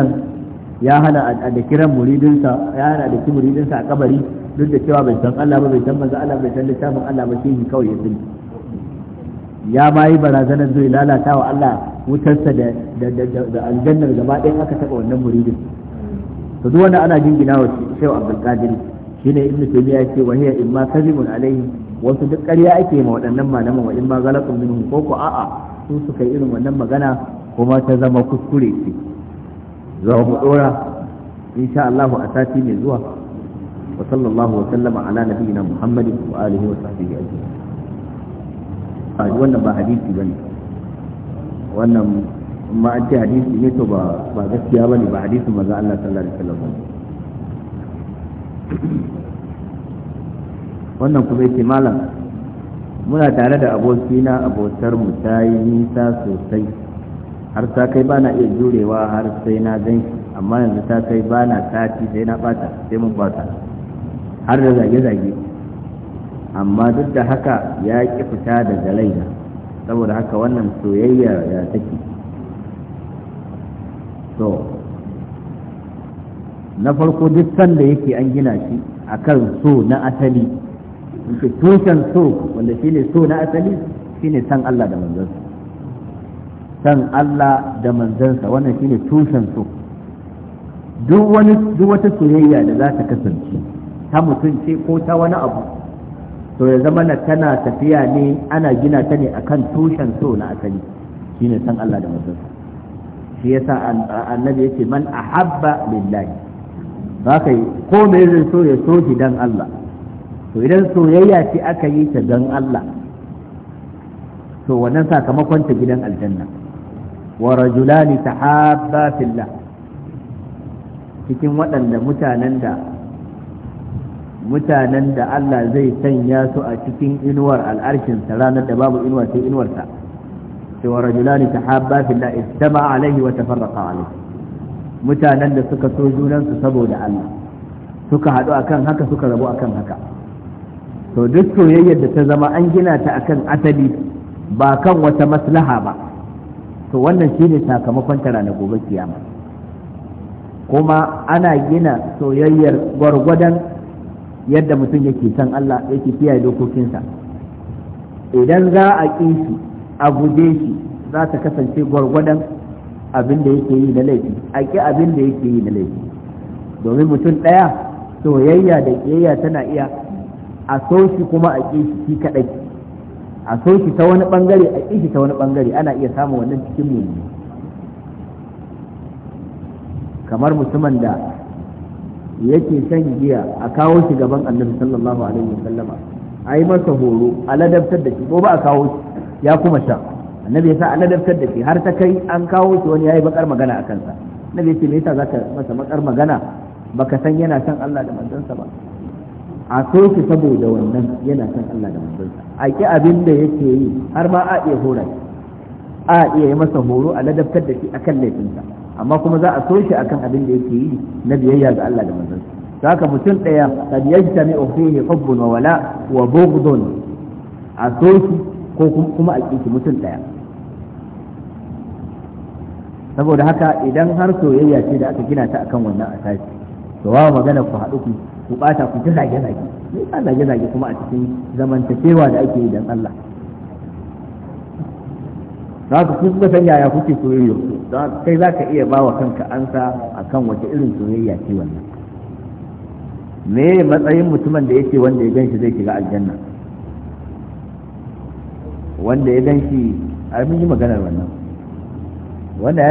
ya hana a da a kabari duk da cewa bai san Allah ba bai san manzo Allah bai san littafin Allah ba shehi kawai ya sani ya ma yi barazanar zai lalata wa Allah wutarsa da aljannar gaba ɗaya aka taɓa wannan muridin to duk wanda ana jingina wa shehu abdul qadir shine ibnu taymiya yace wa hiya imma kadhibun alaihi wasu duk ƙarya ake ma waɗannan malaman wa imma ghalatun minhum ko ko a'a su suka yi irin wannan magana kuma ta zama kuskure ce za mu dora insha Allah a sati mai zuwa wa sallallahu wa sallama ala nabiyyina muhammadin wa alihi wa sahbihi ajma'in wannan ba hadisi bane wannan ma an ce hadisi ne to ba ba gaskiya bane ba hadisin manzo Allah sallallahu alaihi wasallam wannan kuma yake malam muna tare da abokina abotar mu ta yi nisa sosai har ta kai ba na iya jurewa har sai na gan amma yanzu ta kai ba na sati sai na bata sai mun bata har da zage-zage amma duk da haka ya ƙi fita daga laina saboda haka wannan soyayya ya take to na farko duk sanda yake an gina shi akan so na asali tushen so wanda shi ne so na asali ne san Allah da manzansa san Allah da manzansa wannan shi ne tushen so duk wani duk wata soyayya da za ta kasance ta mutunce ko ta wani abu to ya zama na tana tafiya ne ana gina ta ne akan tushen so na asali shine san Allah da manzonsa shi yasa annabi yace man ahabba lillahi zaka yi ko me zai so ya so dan Allah to idan soyayya ce aka yi ta dan Allah to wannan sakamakon ta gidan aljanna wa rajulani tahabba fillah cikin waɗanda mutanen da mutanen da Allah zai sanya su a cikin inuwar al'arshinsa ranar da babu inuwa sai inuwarsa cewa rajulani ta habba filla istama alaihi wa tafarraqa alaihi mutanen da suka so junansu saboda Allah suka haɗu akan haka suka rabu akan haka to duk soyayyar da ta zama an gina ta akan asali ba kan wata maslaha ba to wannan shine sakamakon ta ranar gobe kiyama kuma ana gina soyayyar gwargwadon yadda mutum yake son Allah yake kiyaye dokokinsa idan za a ƙi shi a guje shi za ta kasance gwargwadon abin da yake yi na laifi a ƙi abin da yake yi na laifi domin mutum ɗaya soyayya da ƙiyayya tana iya a so shi kuma a ƙi shi kaɗai a so shi ta wani ɓangare a ƙi shi ta wani ɓangare ana iya samun wannan cikin mummuni kamar mutumin da yake san giya a kawo shi gaban annabi sallallahu alaihi wasallama a yi masa horo a ladabtar da shi ko ba a kawo shi ya kuma sha annabi ya sa a ladabtar da shi har ta kai an kawo shi wani yayi bakar magana a kansa annabi ya ce me yasa zaka masa bakar magana baka san yana san Allah da manzansa ba a so shi saboda wannan yana san Allah da manzansa a ki abin da yake yi har ma a iya hora shi a iya yi masa horo a ladabtar da shi akan laifinsa amma kuma za a so shi akan abin da yake yi na biyayya ga Allah da manzon sa ka mutum daya ta yajtami fihi hubbun wa wala wa bughdun a so shi ko kuma a kiki mutum daya saboda haka idan har soyayya ce da aka gina ta akan wannan asasi to wa magana ku haɗu ku ku bata ku ji zage zage ne zage zage kuma a cikin zamantakewa da ake yi dan Allah za ku kuka san yaya kuke soyayya ku don kai za ka iya bawa kanka ansa a kan wace irin soyayya ce wannan me matsayin mutumin da yake wanda ya ganshi zai shiga aljanna wanda ya ganshi a mun yi maganar wannan wanda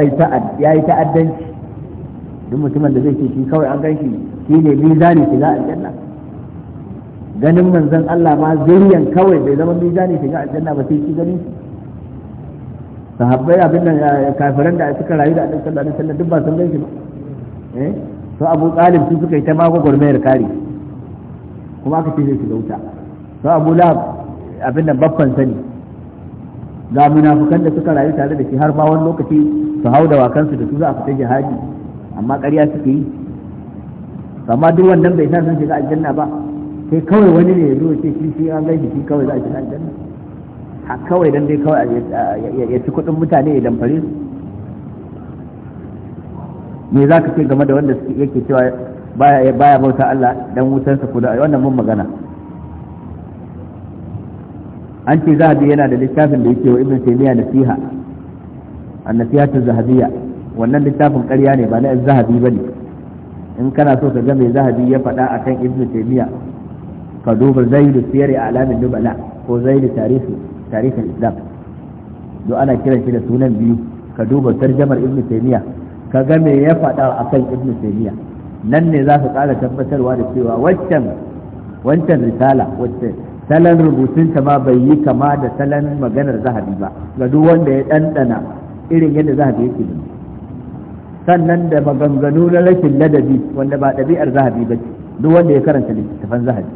ya yi ta'addanci duk mutumin da zai ce shi kawai an ganshi shi ne mizani shiga aljanna ganin manzon Allah ma zuriyan kawai bai zama mizani shiga aljanna ba sai shi ganin shi sahabbai abin da kafiran da suka rayu da annabi sallallahu alaihi wasallam duk ba sun gan shi ba eh to abu talib su suka yi ta mago gurmayar kari. kuma aka ce shi da wuta to abu lahab abin da babban sani ga munafukan da suka rayu tare da shi har ba wani lokaci su hau da wakansu da su za a fita jihadi amma ƙarya suke yi amma duk wannan bai sa sun shiga aljanna ba sai kawai wani ne ya zo ce shi shi an gaishe shi kawai za a shiga aljanna a kawai don dai kawai ya ci kuɗin mutane idan damfare su me za ka ce game da wanda yake cewa baya bauta Allah dan wutansa ko da wannan mun magana an ce zahabi yana da littafin da yake wa ibn taymiya nasiha ta zahabiya wannan littafin ƙarya ne ba na zahabi ba ne in kana so ka ga mai zahabi ya faɗa akan ibn taymiya ka duba zaidu siyar alamin dubala ko zaidu tarihi tarihin islam do ana kiran shi da sunan biyu ka duba tarjamar ibnu taymiya ka ga me ya faɗa akan ibnu taymiya nan ne za ka ƙara tabbatarwa da cewa waccan wancan risala wacce salon ta ma bai yi kama da salon maganar zahabi ba ga duk wanda ya ɗanɗana irin yadda zahabi yake da sannan da maganganu na rashin ladabi wanda ba ɗabi'ar zahabi ba duk wanda ya karanta littattafan zahabi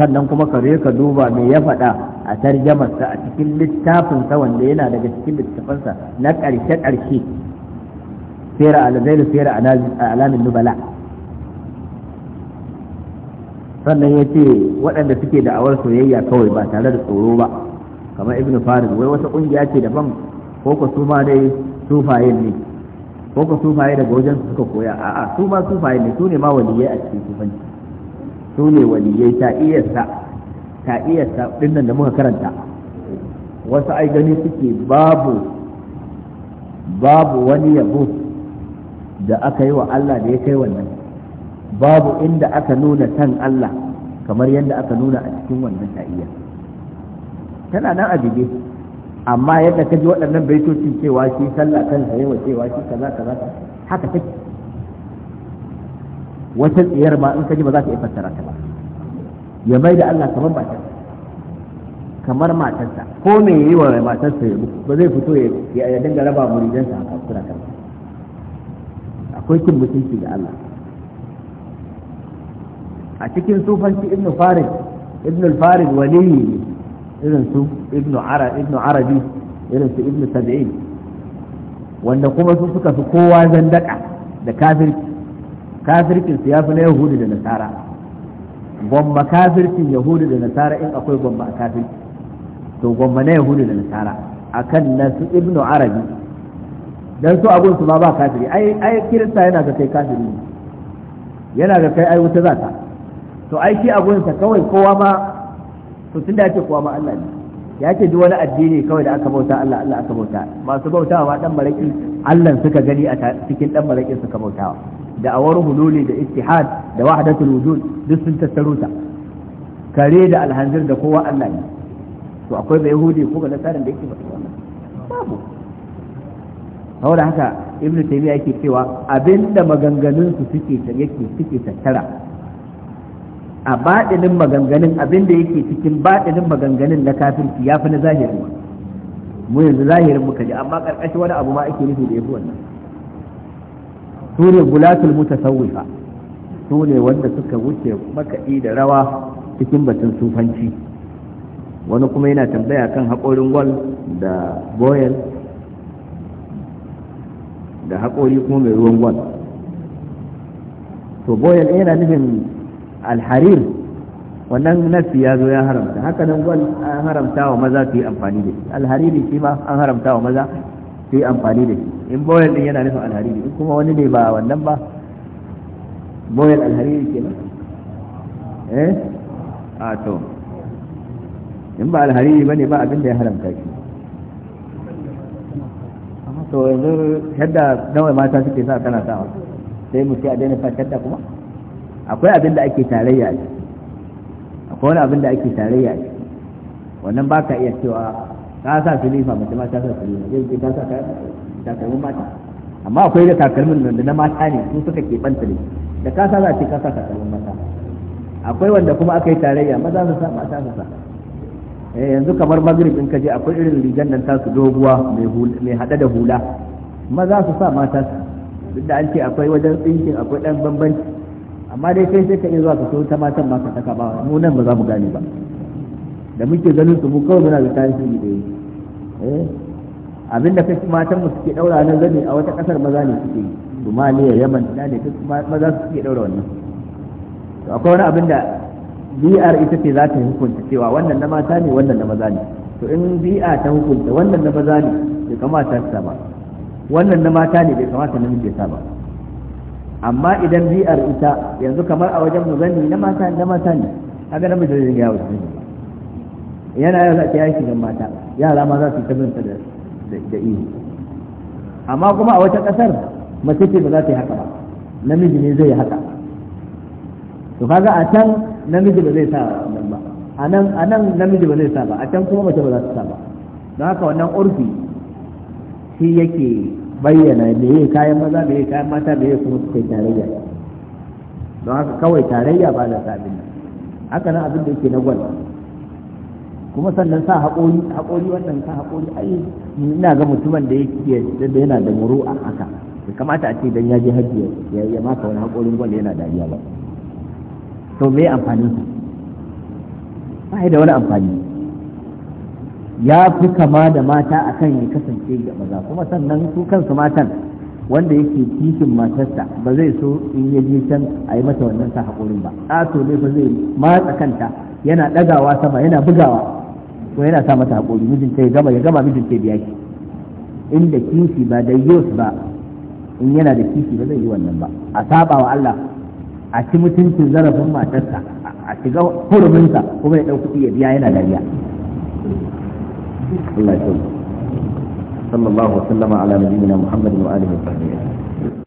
sannan kuma kare ka duba me ya faɗa a tarjamarsa a cikin littafinsa wanda yana daga cikin littafansa na ƙarshe-ƙarshe fera alazailu fera alamin nubala sannan ya ce waɗanda suke da'awar soyayya kawai ba tare da tsoro ba kamar ibn faris wai wata ƙungiya ce daban ko ka su ma dai sufaye ne ko ka sufaye daga wajen su suka koya a'a su ma sufaye ne su ne ma waliyai a cikin sufanci su ne waliyai ta iya sa ta iya dinnan da muka karanta wasu ai gani suke babu babu wani yabo da aka yi wa Allah da ya kai wannan babu inda aka nuna san Allah kamar yadda aka nuna a cikin wannan ta'iyya tana nan a bige amma yadda ka ji waɗannan baitocin cewa shi sallah kansa yawa cewa shi kaza kaza haka take wata tsiyar ma in ka ji ba za ta iya fassara ta ba ya mai da Allah kamar matarsa kamar matarsa ko me yi wa matarsa ya ba zai fito ya dinga raba muridansa a kafin kan akwai cin mutunci ga Allah a cikin sufanci ibnu farid ibnu farid waliyi irin su ibnu arabi ibnu arabi irin su ibnu tabi'in wanda kuma su suka fi kowa zandaka da kafirci kafircin su ya fi na yahudu da nasara gwamma kafircin yahudu da nasara in akwai gwamma a kafirci to gwamma na yahudu da nasara akan nasu ibnu arabi dan su abun su ma ba kafiri ai ai kirista yana ga kai kafiri yana ga kai ai wuta zata to ai shi abun sa kawai kowa ma to da yake kowa ma Allah ne ya ce duk wani addini kawai da aka bauta Allah Allah aka bauta masu bautawa ma dan maraki Allah suka gani a cikin dan marakin suka bautawa da awar hululi da ittihad da wahdatul wujud duk sun tattaro ta kare da alhanzir da kowa Allah ne to akwai bai yahudi ko ga nasaran da yake ba wannan babu saboda haka ibn taymiya yake cewa abinda maganganun su suke yake suke tattara a badinin maganganun abinda yake cikin badinin maganganun na kafirci yafi na zahiri mu yanzu zahirin muka ji amma karkashin wani abu ma ake nufi da yafi wannan su ne gulatul mutasawwifa su ne wanda suka wuce makaɗi da rawa cikin batun sufanci wani kuma yana tambaya kan haƙorin gwal da boyel da haƙori kuma mai ruwan gwal to boyel yana nufin alharir wannan nafi ya zo ya haramta haka nan gwal an haramta wa maza su yi amfani da shi alhariri shi ma an haramta wa maza su yi amfani da shi in boyar din yana nufin alhariri in kuma wani ne ba wannan ba boyar alhariri ke nan eh a to in ba alhariri ba ne ba abin da ya haramta shi to yanzu yadda nawa mata suke sa kana sawa sai mu sai a daina sa da kuma akwai abin da ake tarayya a akwai wani abin da ake tarayya a wannan ba ka iya cewa ta sa silifa mace ma ta sa silifa zai ta sa takalmin mata amma akwai da takalmin nan da na mata ne su suka keɓanta ne da ka sa za ce ka sa takalmin mata akwai wanda kuma aka yi tarayya maza su sa mata su sa eh yanzu kamar magrib in ka je akwai irin rigan nan ta su doguwa mai hada da hula maza su sa mata su duk da an ce akwai wajen tsinkin akwai dan bambanci amma dai kai sai ka iya zuwa ka so ta matan ma ka taka ba mu nan ba za mu gane ba da muke ganin su mu kawai muna da kayan shiri da yi eh? abinda kai matan mu suke daura nan zane a wata kasar maza ne suke yi ya Yaman ina ne maza su suke daura wannan to akwai wani abin da BR ita ce za ta hukunta cewa wannan na mata ne wannan na maza ne to in BR ta hukunta wannan na maza ne bai kamata ta ba wannan na mata ne bai kamata namiji ta ba amma idan BR ita yanzu kamar a wajen mu zani na mata na mata ne kaga na zai ya wuce ne yana yau za ta yi shigan mata yara ma za su yi ta binsa da ihu amma kuma a wata ƙasar mace ce ba za ta yi haka ba namiji ne zai yi haka to kaga a can namiji ba zai sa nan ba a nan a nan namiji ba zai sa ba a can kuma mace ba za ta sa ba don haka wannan urfi shi yake bayyana me yi kayan maza me yi kayan mata me yi kuma suke tarayya don haka kawai tarayya ba da sabin haka nan abin da yake na gwal kuma sannan sa haƙori haƙori wannan sa haƙori ai ina ga mutumin da yake da yana da muru a haka bai kamata a ce dan ya je hajji ya ya maka wani haƙorin gwal yana dariya ba to me amfani sa ba da wani amfani ya fi kama da mata akan ya kasance ga maza kuma sannan su kansu matan wanda yake kishin matarsa ba zai so in ya je can a yi mata wannan sa haƙorin ba ɗato ne ba zai matsa kanta yana ɗagawa sama yana bugawa to yana sa mata haƙuri mijinta ya gama ya gama mijinta ya biya shi inda kishi ba da yos ba in yana da kishi ba zai yi wannan ba a saba wa Allah a ci mutuncin zarafin matarsa a shiga huruminsa kuma ya ɗauki ya biya yana dariya Allah ya sallallahu ala nabiyyina Muhammadin wa alihi wa sahbihi